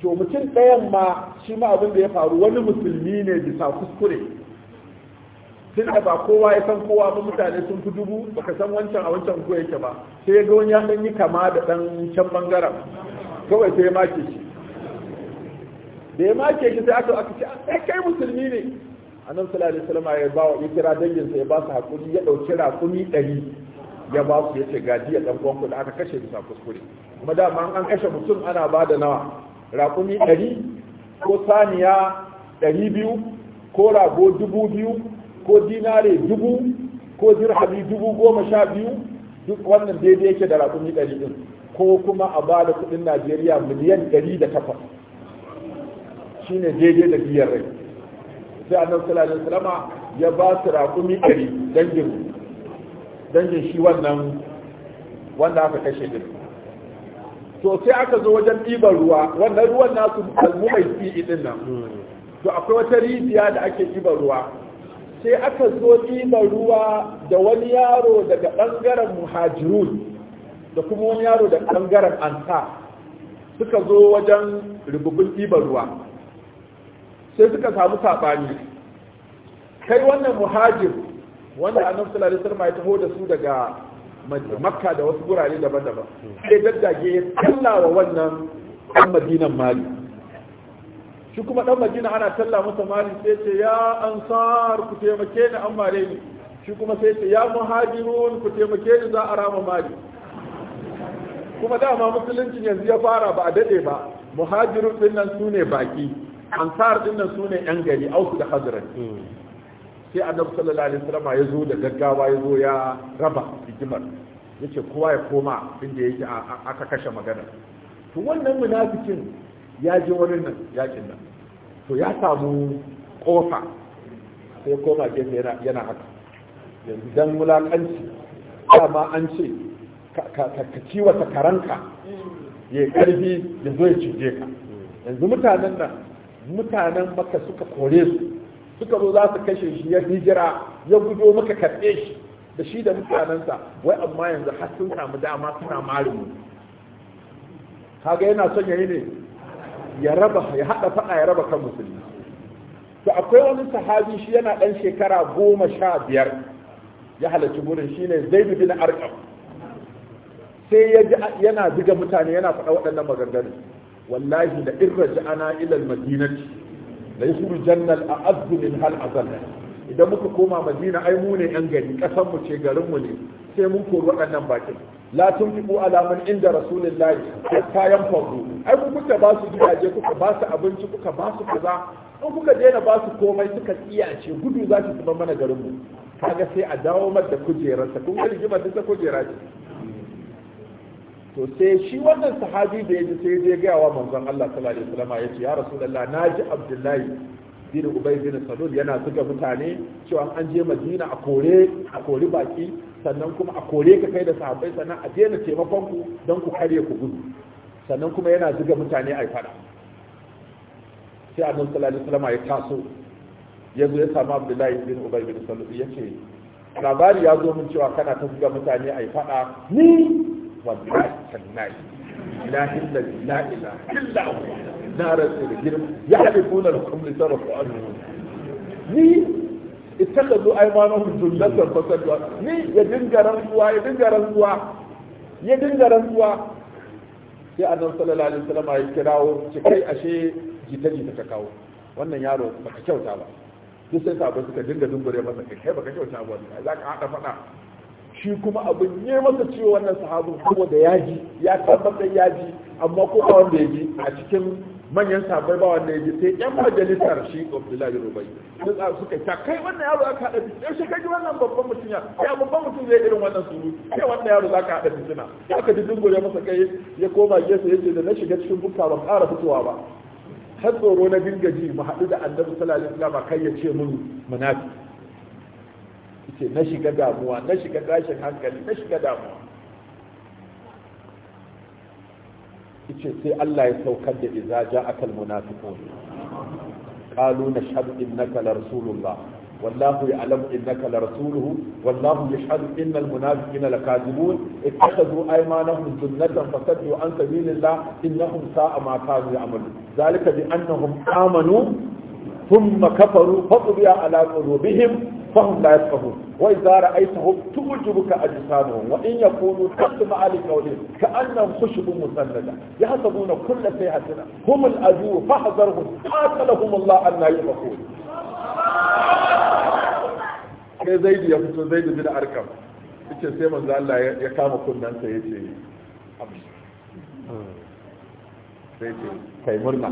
to mutum ɗayan ma shi ma abin da ya faru wani musulmi ne bisa kuskure tun da ba kowa ya san kowa ba mutane sun fi dubu baka san wancan a wancan ko yake ba sai ga wani ya ɗan yi kama da ɗan can bangaren kawai sai ya make shi da ya make shi sai aka aka ce kai musulmi ne annabi sallallahu alaihi wasallam ya bawa ya kira dangin sa ya ba su hakuri ya dauki rakumi ɗari ya ba su yace gaji ya dan da aka kashe bisa kuskure kuma da ma an kashe mutum ana ba da nawa rakumi ɗari ko saniya 200 ko rago dubu biyu ko dinare dubu ko dirhami biyu duk wannan daidai yake da rakumi dari din ko kuma a ba da kudin Najeriya miliyan da takwas shine daidai da biyar rai sai annabi sallallahu alaihi wasallama ya ba su raƙumi ɗari dangin dangin shi wannan wanda aka kashe din to sai aka zo wajen ɗiban ruwa wannan ruwan nasu almumai fi din nan to akwai wata rijiya da ake ɗiban ruwa sai aka zo ɗiban ruwa da wani yaro daga ɓangaren muhajirun da kuma wani yaro daga ɓangaren ansa suka zo wajen rububin ɗiban ruwa sai suka samu saɓani kai wannan muhajir wanda annabi sallallahu alaihi wasallam ya taho da su daga makka da wasu gurare daban-daban sai daddage ya talla wa wannan ɗan madinan mali shi kuma ɗan madina ana talla masa mali sai ce ya ansar ku taimake ni an mare ni shi kuma sai ce ya muhajirun ku taimake ni za a rama mali kuma dama musuluncin yanzu ya fara ba a dade ba muhajirun ɗin nan su ne baƙi ansar din nan sune yan gari ausu da hazrat hmm. sai annabi sallallahu alaihi wasallam ya zo da gaggawa ya zo ya raba hikimar yace kowa ya koma inda yake aka kashe magana to wannan munafikin ya je wurin nan yakin nan to ya samu kofa sai koma gefe yana haka yanzu dan mulakanci dama an ce ka kiwata karanka hmm. ya karfi ya zo ya cije ka hmm. yanzu mutanen nan mutanen maka suka kore su suka zo za su kashe shi ya hijira ya gudo maka karɓe shi da shi da mutanensa wai amma yanzu har sun samu dama suna marin kaga yana son yayi ne ya raba ya hada faɗa ya raba kan musulmi to akwai wani sahabi shi yana ɗan shekara goma sha biyar ya halarci gurin shine zai bi arqam sai ya ji yana diga mutane yana faɗa waɗannan maganganu wallahi da in raja'ana ila al-madinati la yusuru jannal a min hal azal idan muka koma madina ai mu ne yan gari kasan mu ce garin mu ne sai mun kori waɗannan bakin la tunfiqu ala man inda ko kayan fardu ai ku kuka ba su gidaje kuka ba su abinci kuka ba su kaza in kuka daina ba su komai suka tsiyace gudu za su zama mana garin mu kaga sai a dawo mata kujerarsa kun ga rigimar ta kujera ce to sai shi wannan sahabi da yaji sai ya ga wa manzon Allah sallallahu alaihi wasallam yace ya rasulullahi naji abdullahi bin ubay bin salul yana suka mutane cewa an je madina a kore a kore baki sannan kuma a kore ka kai da sahabbai sannan a daina taimakon ku don ku kare ku gudu sannan kuma yana zuga mutane a fada sai annabi sallallahu alaihi wasallam ya taso ya zo ya samu abdullahi bin ubay bin salul yace labari ya zo min cewa kana ta zuga mutane a fada ni wallahi tallahi la illa na da ya halifuna lakum li tarafu ni ya dinga rantsuwa ya dinga rantsuwa ya dinga rantsuwa sai annabi sallallahu alaihi wasallam ya kirawo ce kai ashe jita jita ta kawo wannan yaro baka kyauta ba duk sai suka dinga dungure masa kai baka kyauta ba za ka hada fada shi kuma abin ne masa ciwo wannan sahabin saboda ya yaji ya tabbatar ya amma ko ba wanda ya a cikin manyan sabai ba wanda ya sai yan majalisar shi Abdullahi Rubai duk a suka ta kai wannan yaro aka hada fitina yaushe kaji wannan babban mutum ya ya babban mutum zai irin wannan su kai wannan yaro zaka hada fitina aka ji dingore masa kai ya koma gefe yace da na shiga cikin bukka ban ƙara fitowa ba har tsoro na dingaji mu haɗu da annabi sallallahu alaihi wasallam kai ya ce mun munafi ce na shiga damuwa na shiga tashin hankali na shiga damuwa ce sai Allah ya saukar da iza ja akal munafiqun qalu nashhadu innaka la rasulullah wallahu ya'lamu innaka la rasuluhu wallahu yashhadu innal munafiqina lakazibun ittakhadhu aymanahum junnatan fasaddu an sabilillah innahum sa'a ma kanu ya'malun zalika bi annahum amanu thumma kafaru fatubiya ala qulubihim fahum la yafqahun وإذا رأيتهم تعجبك أجسامهم وإن يكونوا تحت معالي قولهم كأنهم خشب مسندة يحسبون كل سيحتنا هم الأجور فاحذرهم قاتلهم الله أن يفقون sai zaidu ya fito zaidu bin arkam yace sai manzo Allah ya kama kunnansa yace sai ce kai murna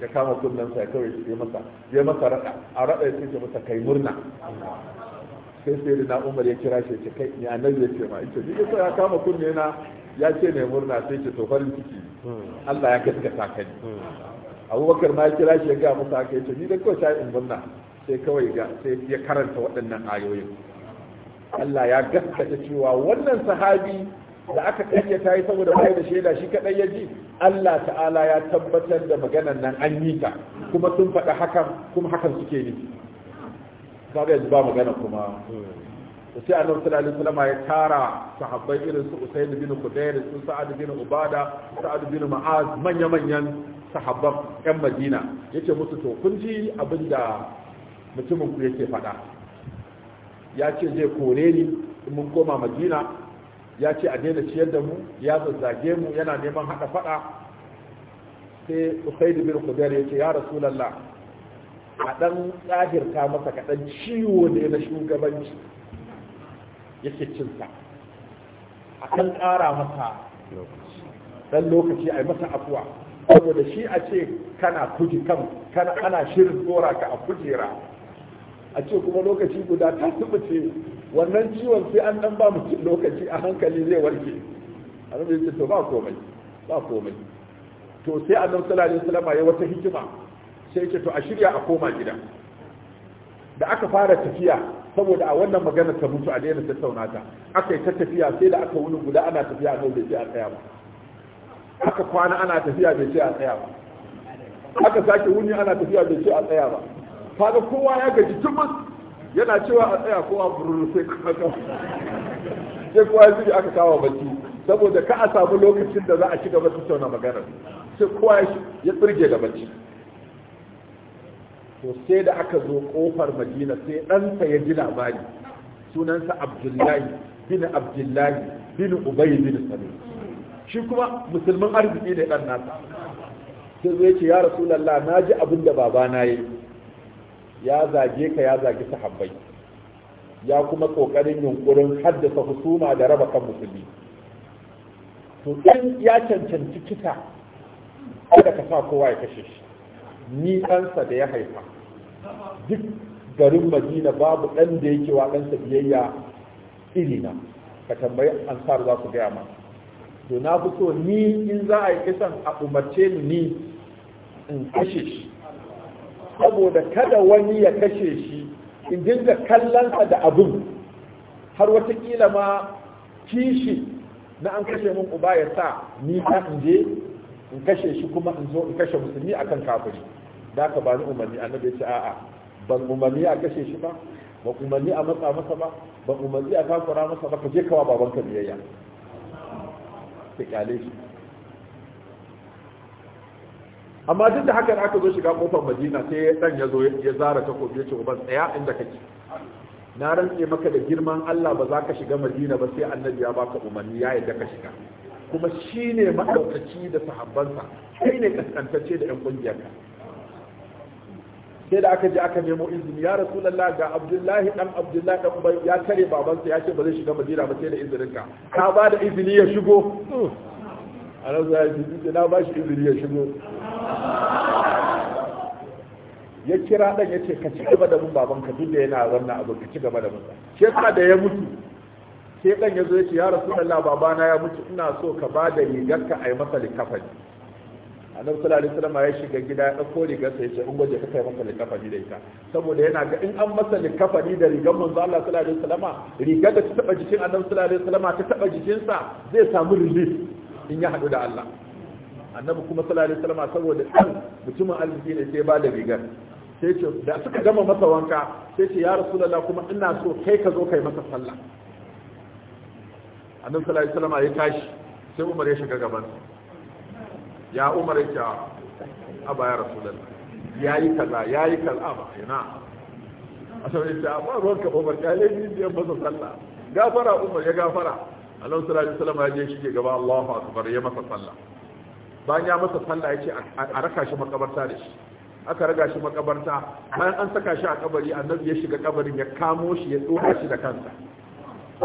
ya kama kunnansa ya kawai ya masa ya masa rada a rada ya ce masa kai murna sai sai na umar ya kira shi ya ce kai ni annabi ya ce ma ita duk sai ya kama kunne na ya ce ne murna sai ce to farin ciki Allah ya gaskata ka ni Abubakar ma ya kira shi ya ga masa haka ce ni da ko sai in murna sai kawai ga sai ya karanta waɗannan ayoyin Allah ya gaskata cewa wannan sahabi da aka ta yi saboda bai da shaida shi kadai ya ji Allah ta'ala ya tabbatar da maganar nan an yi ta kuma sun faɗa hakan kuma hakan suke nufi kaga yanzu ba magana kuma to sai annabi sallallahu alaihi wasallam ya tara sahabbai irin su Usayd bin Qudayd su Sa'ad bin Ubada Sa'ad bin Ma'az manya manyan sahabban yan Madina yace musu to kun ji abinda mutumin ku yake faɗa ya ce zai kore ni in mun koma Madina ya ce a daina ciyar da mu ya zazzage mu yana neman haɗa faɗa sai Usayd bin Qudayd yace ya lalla a ɗan ƙafirta masa kaɗan ciwo ne na shugabanci yake cinta. a kan ƙara masa ɗan lokaci a yi masa afuwa saboda shi a ce kana kuji kan kana ana shirin tsora ka a kujera a ce kuma lokaci guda ta ce wannan ciwon sai an ɗan ba mutum lokaci a hankali zai warke a rubuta to ba komai ba komai to sai annabi sallallahu alaihi wasallam ya wata hikima sai ce to a shirya a koma gida da aka fara tafiya saboda a wannan magana ta mutu a daina tattauna ta aka yi ta tafiya sai da aka wuni guda ana tafiya nan bai ce a tsaya ba aka kwana ana tafiya bai ce a tsaya ba aka sake wuni ana tafiya bai ce a tsaya ba kaga kowa ya gaji tumus yana cewa a tsaya kowa bururu sai kaka sai kowa ya aka kawo bacci saboda ka a samu lokacin da za a shiga ba ta sauna maganar sai kowa ya tsirge da bacci to sai da aka zo kofar madina sai ɗansa ya ji labari sunansa abdullahi bin abdullahi bin ubayi bin sami shi kuma musulmin arziki ne ɗan nasa sai zai ce ya rasulallah na ji abin da babana ya yi ya zage ka ya zage sahabbai ya kuma ƙoƙarin yunkurin haddasa husuma da raba kan musulmi to in ya cancanci kita kada ka sa kowa ya kashe shi ni kansa da ya haifa duk garin madina babu ɗan da yake wa ɗansa biyayya irina ka tambayi ansar za su gaya ma to na fi so ni in za a yi kisan a umarce ni in kashe shi saboda kada wani ya kashe shi in dinga kallonsa da abin har watakila ma kishi na an kashe min uba ya sa ni ta in je in kashe shi kuma in zo in kashe musulmi akan kafiri da ka bani umarni annabi ya ce a'a ban umarni a kashe shi ba ba umarni a matsa masa ba ban umarni a takura masa ba ka je kawa babanka biyayya ka kyale shi amma duk da haka aka zo shiga kofar madina sai dan ya zo ya zara takobi ya ce uban tsaya inda kake na rantse maka da girman Allah ba za ka shiga madina ba sai annabi ya baka umarni ya da ka shiga kuma shi ne maɗaukaci da sahabbansa kai ne kaskantacce da 'yan ƙungiyarka sai da aka je aka nemo izini ya rasulallah ga abdullahi dan abdullahi dan bai ya kare babansa ya ce ba zai shiga madina ba sai da izininka ka ba da izini ya shigo a nan ya ce na ba shi izini ya shigo ya kira dan ya ce ka ci gaba da mun babanka duk da yana wannan abu ka ci gaba da mun shekara da ya mutu sai ya zo ya ce ya rasu rasulullah babana ya mutu ina so ka ba da rigarka yi masa likafani annabi sallallahu alaihi wasallam ya shiga gida ya dauko rigar sa ya ce in gwaje ka kai masa likafani da ita saboda yana ga in an masa likafani da rigar manzo Allah sallallahu alaihi wasallam rigar da ta taba jikin annabi sallallahu alaihi wasallam ta taba jikinsa zai samu relief in ya hadu da Allah annabi kuma sallallahu alaihi wasallam saboda dan mutumin arziki ne sai ba da rigar sai ce da suka gama masa wanka sai ce ya rasulullah kuma ina so kai ka zo kai masa sallah annabi sallallahu alaihi wasallam ya tashi sai Umar ya shiga gaban ya Umar ya ce ah, aba ya rasulullah yayi kaza yayi kaza ba ina sai ya ce amma ruwan ka Umar ya yi ya masa sallah gafara Umar ya gafara annabi sallallahu alaihi wasallam ya je shige gaba Allahu akbar ya masa sallah bayan ya masa sallah ya ce a raka shi makabarta da shi aka raga shi makabarta bayan an saka shi a kabari annabi ya shiga kabarin ya kamo shi ya tsoka shi da kansa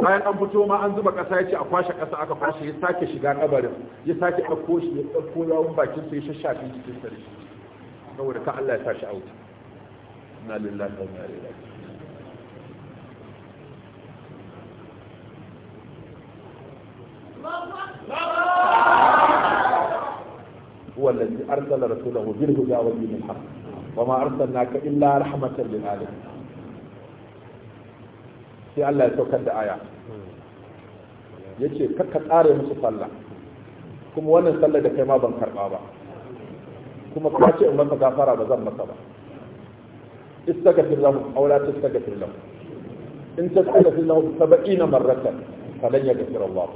bayan an fito ma an zuba kasa ce a kwashe kasa aka kwashe ya sake shiga kabarin ya sake ɗauko shi ya ɗauko yawon bakin sa ya shashafe cikin sa saboda ka Allah ya sa shi a wuta inna lillahi wa inna ilaihi raji'un هو الذي أرسل رسوله بالهدى ودين الحق وما أرسلناك إلا رحمة للعالمين sai Allah ya saukar da aya Ya yace ka tsare musu sallah kuma wannan sallah da kai ma ban karɓa ba kuma ka ce in masa gafara ba zan masa ba istaghfir lahu aw la tastaghfir lahu in tastaghfir lahu 70 marratan falan yaghfir Allah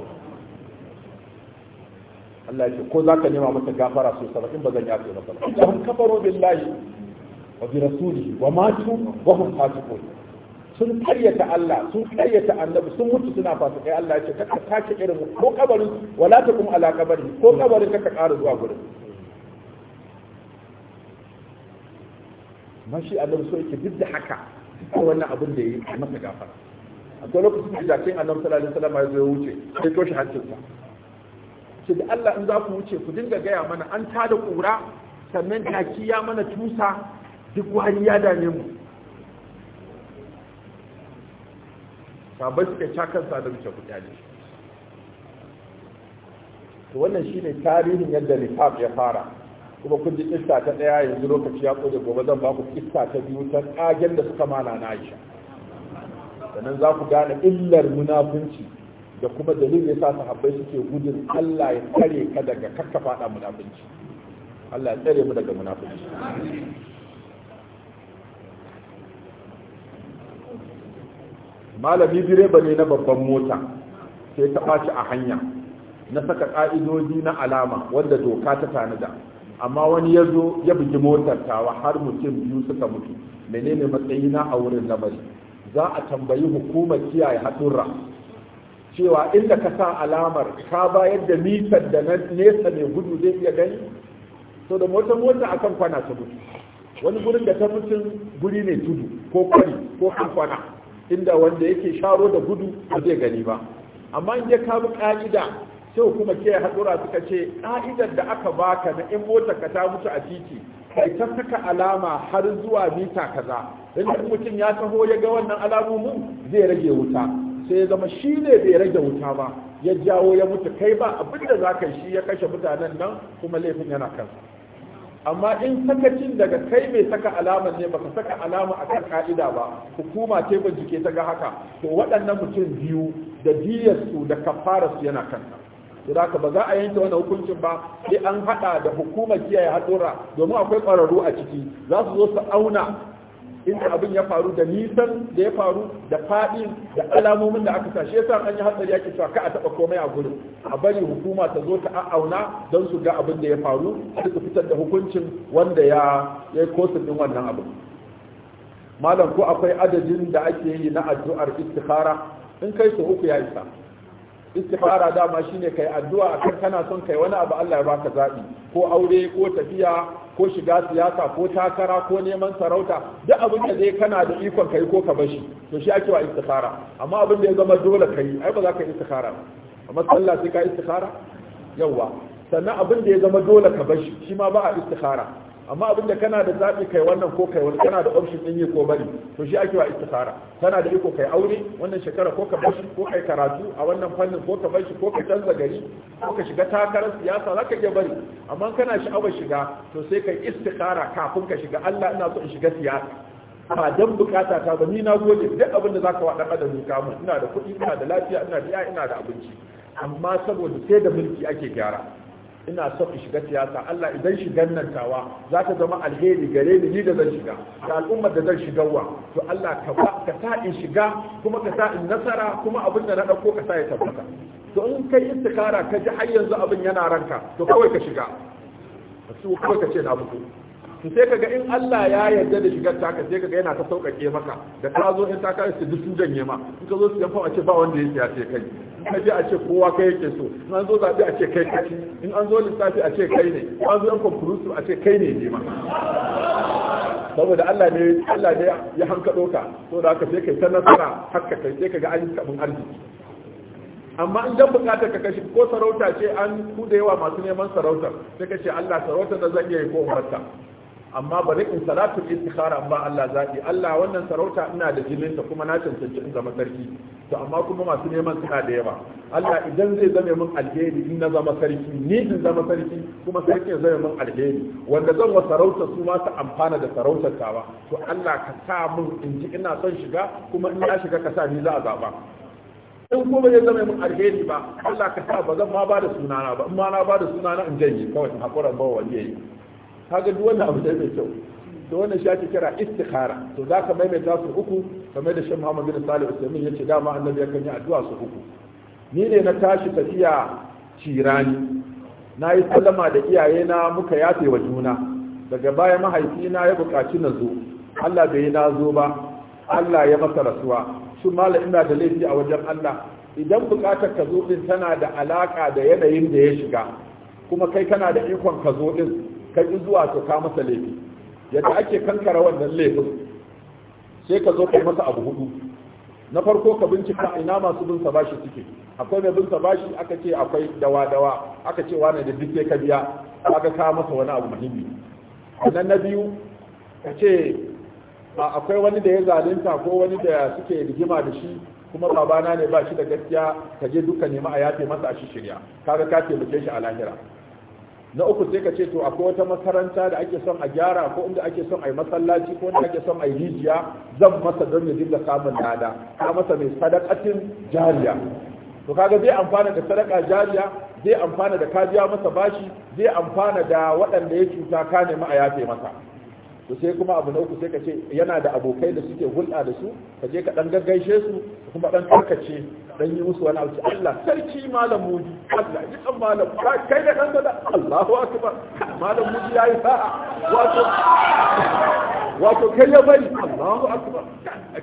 Allah ya ce ko zaka nema masa gafara so 70 ba zan yafe masa ba hum kafaru billahi wa bi rasulihi wa matu wa hum fasiqun sun karyata Allah sun karyata annabi sun mutu suna kai Allah ya ce kaka tashi irin ko kabarin wala ta kuma ala kabari ko kabarin kaka ƙara zuwa gurin mashi annabi so yake duk da haka a wannan abin da yi a masa a akwai lokacin da jakin annabi sallallahu alaihi wasallam ya zo wuce sai toshe hancinsa ce da Allah in za ku wuce ku dinga gaya mana an tada kura sannan jaki ya mana tusa duk wani ya dame mu sabai suka cakan sa da wuce kutane to wannan shine tarihin yadda nifaq ya fara kuma kun ji kissa ta daya yanzu lokaci ya gobe zan ba ku kissa ta biyu ta kagen da suka mana na Aisha sannan za ku gane illar munafunci da kuma dalilin yasa sahabbai suke gudun Allah ya kare ka daga kakkafa da munafunci Allah ya tsare mu daga munafunci malami direba ne na babban mota sai ta ɓaci a hanya na saka ƙa'idoji na alama wanda doka ta tanada amma wani ya zo ya bugi motar tawa har mutum biyu suka mutu menene matsayina a wurin lamari za a tambayi hukumar kiyaye haɗurra cewa inda ka sa alamar ka bayar da mitar da nesa mai gudu zai iya gani so da motar mota a kan kwana ta mutu wani gurin da ta mutum guri ne tudu ko kwari ko kan kwana inda wanda yake sharo da gudu ba zai gani ba amma in ya kawo ka'ida sai kuma ke hadura suka ce ka'idar da aka baka na in motar ka ta mutu a titi kai ta saka alama har zuwa mita kaza dan mutum ya taho ya ga wannan alamomin zai rage wuta sai ya zama shi ne bai rage wuta ba ya jawo ya mutu kai ba abinda da za ka shi ya kashe mutanen nan kuma laifin yana kansa amma in sakacin daga kai mai saka alama ne baka saka alama a kan ka'ida ba hukuma ce bincike ta ga haka to waɗannan mutum biyu da diyarsu da kafararsu yana kanka to da ba za a yanke wani hukuncin ba sai an haɗa da hukumar kiyaye hatsura domin akwai ƙwararru a ciki za su zo su auna inda abin ya faru da nisan da ya faru da faɗi da alamomin da aka tashi yasa an yi hatsari ake cewa ka a taɓa komai a gurin a bari hukuma ta zo ta a'auna don su ga abin da ya faru su fitar da hukuncin wanda ya ya kosa din wannan abin malam ko akwai adadin da ake yi na addu'ar istikhara in kai su uku ya isa istikhara dama shine kai addu'a akan kana son kai wani abu Allah ya baka zabi ko aure ko tafiya ko shiga siyasa ko takara ko neman sarauta duk abin da zai kana da ikon kai ko ka bashi to shi ake wa istikhara amma abin da ya zama dole kai ai ba za ka istikhara amma sallah sai ka istikhara yawa sannan abin da ya zama dole ka bashi shi ma ba a istikhara amma abin da kana da zaɓi kai wannan ko kai wani kana da option ɗin yi ko bari to shi ake wa istikhara kana da iko kai aure wannan shekara ko ka bashi ko kai karatu a wannan fannin ko ka bashi ko ka canza gari ko ka shiga takarar siyasa za ka iya bari amma kana sha'awar shiga to sai kai istikhara kafin ka shiga Allah ina so in shiga siyasa ba dan bukata ta ba ni na gode duk abin da zaka wa dan adam ka mu ina da kuɗi ina da lafiya ina da iya, ina da abinci amma saboda sai da mulki ake gyara ina son in shiga siyasa Allah idan shigan nan tawa za ta zama alheri gare ni ni da zan shiga da al'ummar da zan shigarwa to Allah ka ka sa in shiga kuma ka sa in nasara kuma abin da na dauko ka sa ya tabbata to in kai istikara ka ji har yanzu abin yana ranka to kawai ka shiga su kawai ka ce na fito to sai kaga in Allah ya yarda da shigar taka sai kaga yana ta sauƙaƙe maka da ka zo in taka su duk sun janye ma in ka zo su yanfa a ce ba wanda ya a sai kai in ka je a ce kowa kai yake so in an zo zaɓe a ce kai kai in an zo lissafi a ce kai ne in an zo yan kwamfurusu a ce kai ne ne ma saboda Allah ne Allah ne ya hankaɗo ka to da haka sai kai ta nasara haka kai sai kaga an yi abin arziki amma in dan bukatar ka kashi ko sarauta ce an kuda yawa masu neman sarautar sai ka ce Allah sarautar da zan iya yi ko umarta amma bari in salatul istikhara ba Allah zabi Allah wannan sarauta ina da jinin ta kuma na cancanci in zama sarki to amma kuma masu neman suna da yawa Allah idan zai zame min alheri in na zama sarki ni in zama sarki kuma sarki ya zame min alheri wanda zan wa sarauta su ma su amfana da sarautar ta ba, to Allah ka sa min in ji ina son shiga kuma in na shiga ka sa ni za a zaba in kuma ya zama mun alheri ba Allah ka sa ba zan ma ba da sunana ba in ma na ba da sunana in janye kawai in hakura ba wani yayi kaga duk wannan abu dai mai kyau to wannan shi ake kira istikhara to za ka maimaita su uku kamar da shan Muhammad bin Salih Usaimin ce. dama annabi ya yi addu'a su uku ni ne na tashi tafiya cirani na yi sallama da iyaye na muka yafe wa juna daga baya mahaifina ya buƙaci na zo Allah bai na zo ba Allah ya masa rasuwa shi malam ina da laifi a wajen Allah idan buƙatar ka zo din tana da alaka da yanayin da ya shiga kuma kai kana da ikon ka zo din kai in zuwa to ka masa laifi yadda ake kankara wannan laifin sai ka zo kai masa abu hudu na farko ka bincika ina masu bin bashi suke akwai mai bin bashi aka ce akwai dawa dawa aka ce wani da duk ka biya aka ka masa wani abu muhimmi sannan na biyu ka ce akwai wani da ya zalunta ko wani da suke rigima da shi kuma babana ne ba shi da gaskiya ka je duka nema a yafe masa a shi shirya kaga ka taimake shi a lahira na uku sai ka ce to akwai wata makaranta da ake son a gyara ko inda ake son a yi masallaci ko inda ake son a yi rijiya zan masa don ya dinga samun lada ka masa mai sadakatin jariya to kaga zai amfana da sadaka jariya zai amfana da kajiya masa bashi zai amfana da waɗanda ya cuta ka nemi a yafe masa to sai kuma abu na uku sai ka ce yana da abokai da suke hulɗa da su ka je ka ɗan gaggaishe su kuma ɗan karkace ɗan yi musu wani abu Allah sarki malam muji Allah ji kan malam kai da dan da Allahu kuma malam muji yi sa'a wato wato kai ya bari Allahu akbar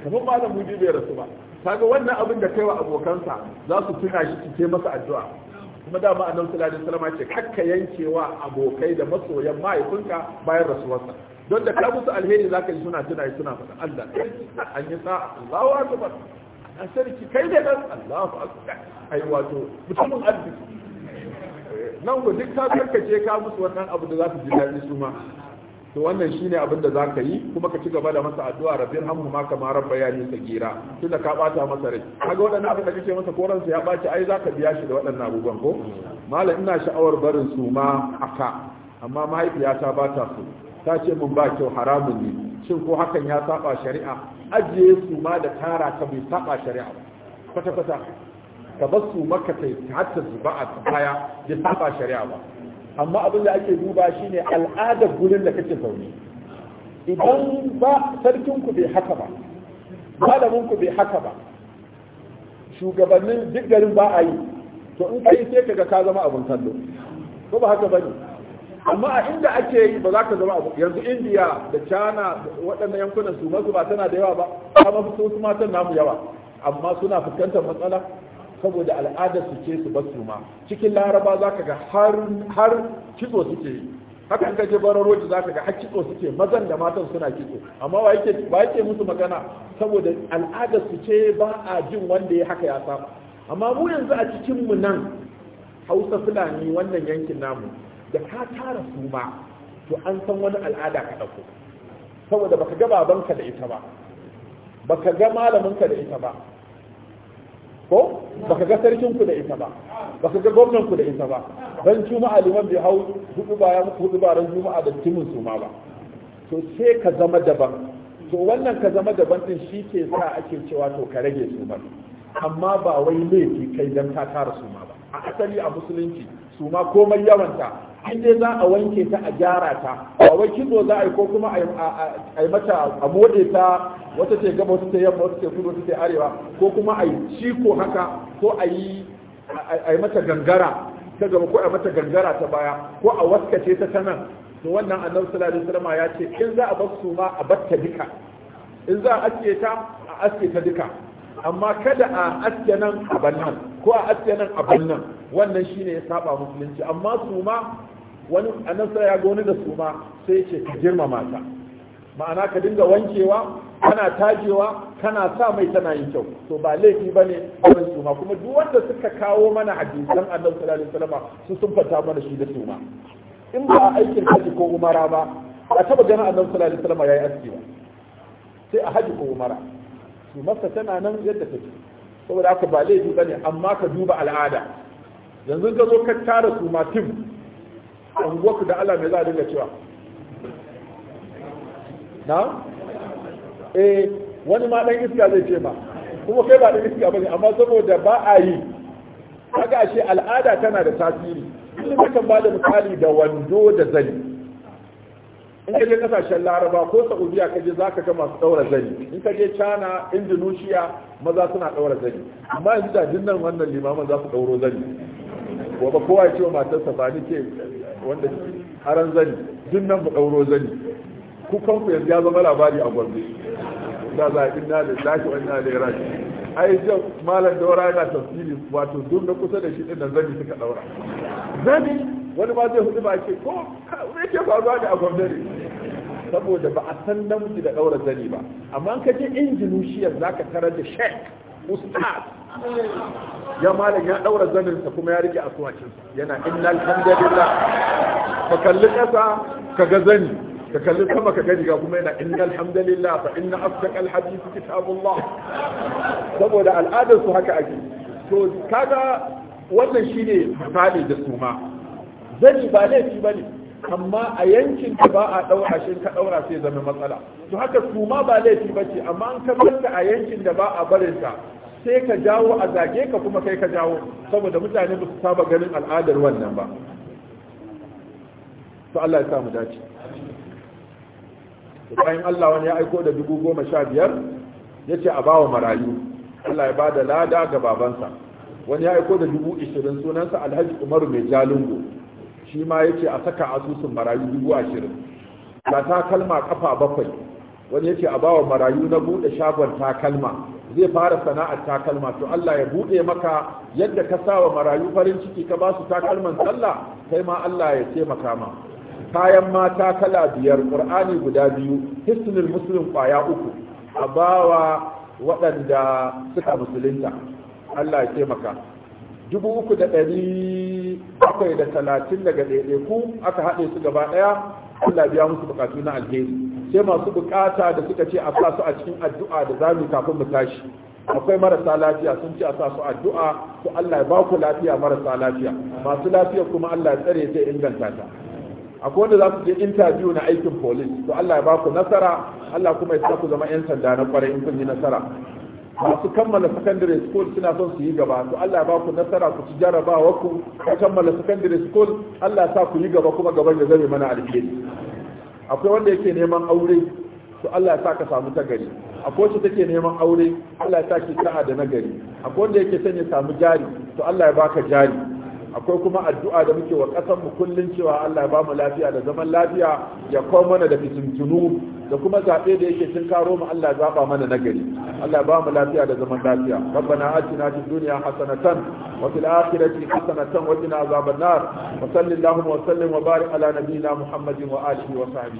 kamar malam muji bai rasu ba kaga wannan abin da wa abokansa za su tuna shi su masa addu'a kuma dama annabi sallallahu alaihi wasallam ya ce kakka yankewa abokai da masoyan mahaifinka bayan rasuwarsa don da ka su alheri za ka yi suna tuna suna faɗa Allah an yi sa Allahu akbar a sarki kai da nan Allahu akbar ai wato mutumin arziki nan ku duk ka karkace ka musu wannan abu da za su ji daɗi su ma to wannan shine abin da za ka yi kuma ka ci gaba da masa addu'a rabbir hamu ma kama rabba ya ni sagira tunda ka bata masa rai kaga waɗannan abin da kake masa koran sa ya baci ai za ka biya shi da waɗannan abubuwan ko malam ina sha'awar barin su ma aka amma mahaifiyata ba ta so ta ce mun ba kyau haramun ne shin ko hakan ya saba shari'a ajiye su ma da tara ka bai saba shari'a ba kwata kwata ka ba su maka kai hatta zuba a kaya ya saba shari'a ba amma abin da ake duba shine al'adar gurin da kake zaune idan ba sarkin ku bai haka ba malamin ku bai haka ba shugabannin duk garin ba a yi to in kai sai kaga ka zama abin kallo ko ba haka bane amma a inda ake yi ba za ka zama abu yanzu indiya da china waɗannan yankunan su masu ba tana da yawa ba amma su su matan namu yawa amma suna fuskantar matsala saboda al'adar su ce su basu ma cikin laraba za ka ga har kitso suke yi haka in kaje bararoji za ka ga har kitso suke mazan da matan suna kitso amma ba yake ba musu magana saboda al'adar su ce ba a jin wanda ya haka ya saba amma mu yanzu a cikin mu nan Hausa Fulani wannan yankin namu da ka tara su ma to an san wani al'ada ka ɗauko saboda baka ga babanka da ita ba baka ga malaminka da ita ba ko baka ga sarkinku da ita ba baka ga gwamnanku da ita ba ran juma'a liman bai hau hudu ba ya muku hudu ba ran juma'a da timin su ma ba to sai ka zama daban to wannan ka zama daban din shi ke sa ake cewa to ka rage su ba amma ba wai laifi kai dan ka tara su ma ba a asali a musulunci su ma komai yawanta in dai za a wanke ta a gyara ta A wai kitso za a yi ko kuma a yi mata a mode ta wata ce gaba wata ce yamma wata ce kudu wata ce arewa ko kuma a yi ciko haka ko a yi a yi mata gangara ta gaba ko a mata gangara ta baya ko a waskace ta ta nan to wannan annabi sallallahu alaihi wasallam ya ce in za a bar su ma a batta duka in za a aske ta a aske ta duka amma kada a aske nan a bannan ko a aske nan a bannan wannan shi ne ya saba musulunci amma su ma wani annabi ya goni da su ma sai ce ka girmama ta ma'ana ka dinga wankewa kana tajewa kana sa mai tana yin kyau to ba laifi ba ne wannan su ma kuma duk wanda suka kawo mana hadisan a sallallahu Salama su sun fata mana shi da su ma in ba a aikin haji ko umara ba a taba ganin a sallallahu Salama ya yi aski ba sai a haji ko umara to masa tana nan yadda take saboda aka ba laifi bane amma ka duba al'ada yanzu ka zo ka tara su ma tim da Allah mai za a dinga cewa na eh wani ma dan iska zai ce ma kuma kai ba dan iska bane amma saboda ba a yi kaga ashe al'ada tana da tasiri ilimin kan ba da misali da wando da zani in ka je kasashen laraba ko saudiya ka je za ka ga masu daura zani in ka je china indonesia maza suna daura zani amma yanzu da dinnan wannan limaman za su dauro zani gobe kowa ya ce wa matarsa ba ni ke wanda haran zani dinnan mu dauro zani ku kanku yanzu ya zama labari a gwamnati. da za a inna da lafi wani na da ya ai jan malam daura yana tafsiri wato duk na kusa da shi din nan zani suka daura zani wani ba zai hudu ba ce ko zai ke faruwa da a gwamnati saboda ba a san namiji da ɗaura zani ba amma ka je wushiyar za ka tarar da shek ustaz ya malam ya ɗaura zaninsa kuma ya rike asuwacinsa yana innal hamdalillah ka kalli ƙasa ka ga zani ka kalli sama ka gani ga kuma yana innal hamdalillah fa inna asdaqal hadith kitabullah saboda al'adar su haka ake to kaga wannan shine misali da suma zani ba laifi ba ne amma a yankin da ba a ɗaura shi ka daura sai zama matsala to haka suma ba laifi ba ce amma an kamar a yankin da ba a barin ta sai ka jawo a zage ka kuma kai ka jawo saboda mutane ba su saba ganin al'adar wannan ba to Allah ya sa mu dace bayan Allah wani ya aiko da dubu goma sha biyar ya a bawa marayu Allah ya bada lada ga babansa wani ya aiko da dubu ishirin sunansa alhaji umaru mai jalingo. shi ma yace a saka asusun marayu dubu ashirin ga takalma kafa bakwai wani yace a bawa marayu na bude shagon takalma zai fara sana'ar takalma to Allah ya bude maka yadda ka sa wa marayu farin ciki ka basu takalman sallah kai ma Allah ya taimaka ma kayan mata kala biyar qur'ani guda biyu hisnul muslim kwaya uku a bawa waɗanda suka musulunta Allah ya taimaka dubu uku da ɗari bakwai da talatin daga ɗaiɗaiku aka haɗe su gaba ɗaya Allah biya musu bukatu na alheri sai masu bukata da suka ce a sa su a cikin addu'a da za zamu kafin mu tashi akwai marasa lafiya sun ce a sa su addu'a to Allah ya ba ku lafiya marasa lafiya masu lafiya kuma Allah ya tsare ta inganta ta akwai wanda za su je interview na aikin police to Allah ya ba ku nasara Allah kuma ya sa ku zama 'yan sanda na kwarai in kun yi nasara masu kammala secondary school suna son su yi gaba to Allah ba ku nasara ku ci jarabawa ku ka kammala secondary school Allah sa ku yi gaba kuma gaban ya zame mana alheri akwai wanda yake neman aure to Allah sa ka samu ta gari akwai wacce take neman aure Allah sa ki sa'a da nagari akwai wanda yake son ya samu jari to Allah ya baka jari akwai kuma addu'a da muke wa ƙasar mu kullun cewa Allah ya lafiya da zaman lafiya ya kawo mana da fitintunu da kuma zaɓe da yake tun karo mu Allah zaɓa mana nagari Allah ya lafiya da zaman lafiya rabbana atina fid dunya hasanatan wa fil akhirati hasanatan wa qina azaban nar wa sallallahu wa sallim wa barik ala nabiyyina muhammadin wa alihi wa sahbihi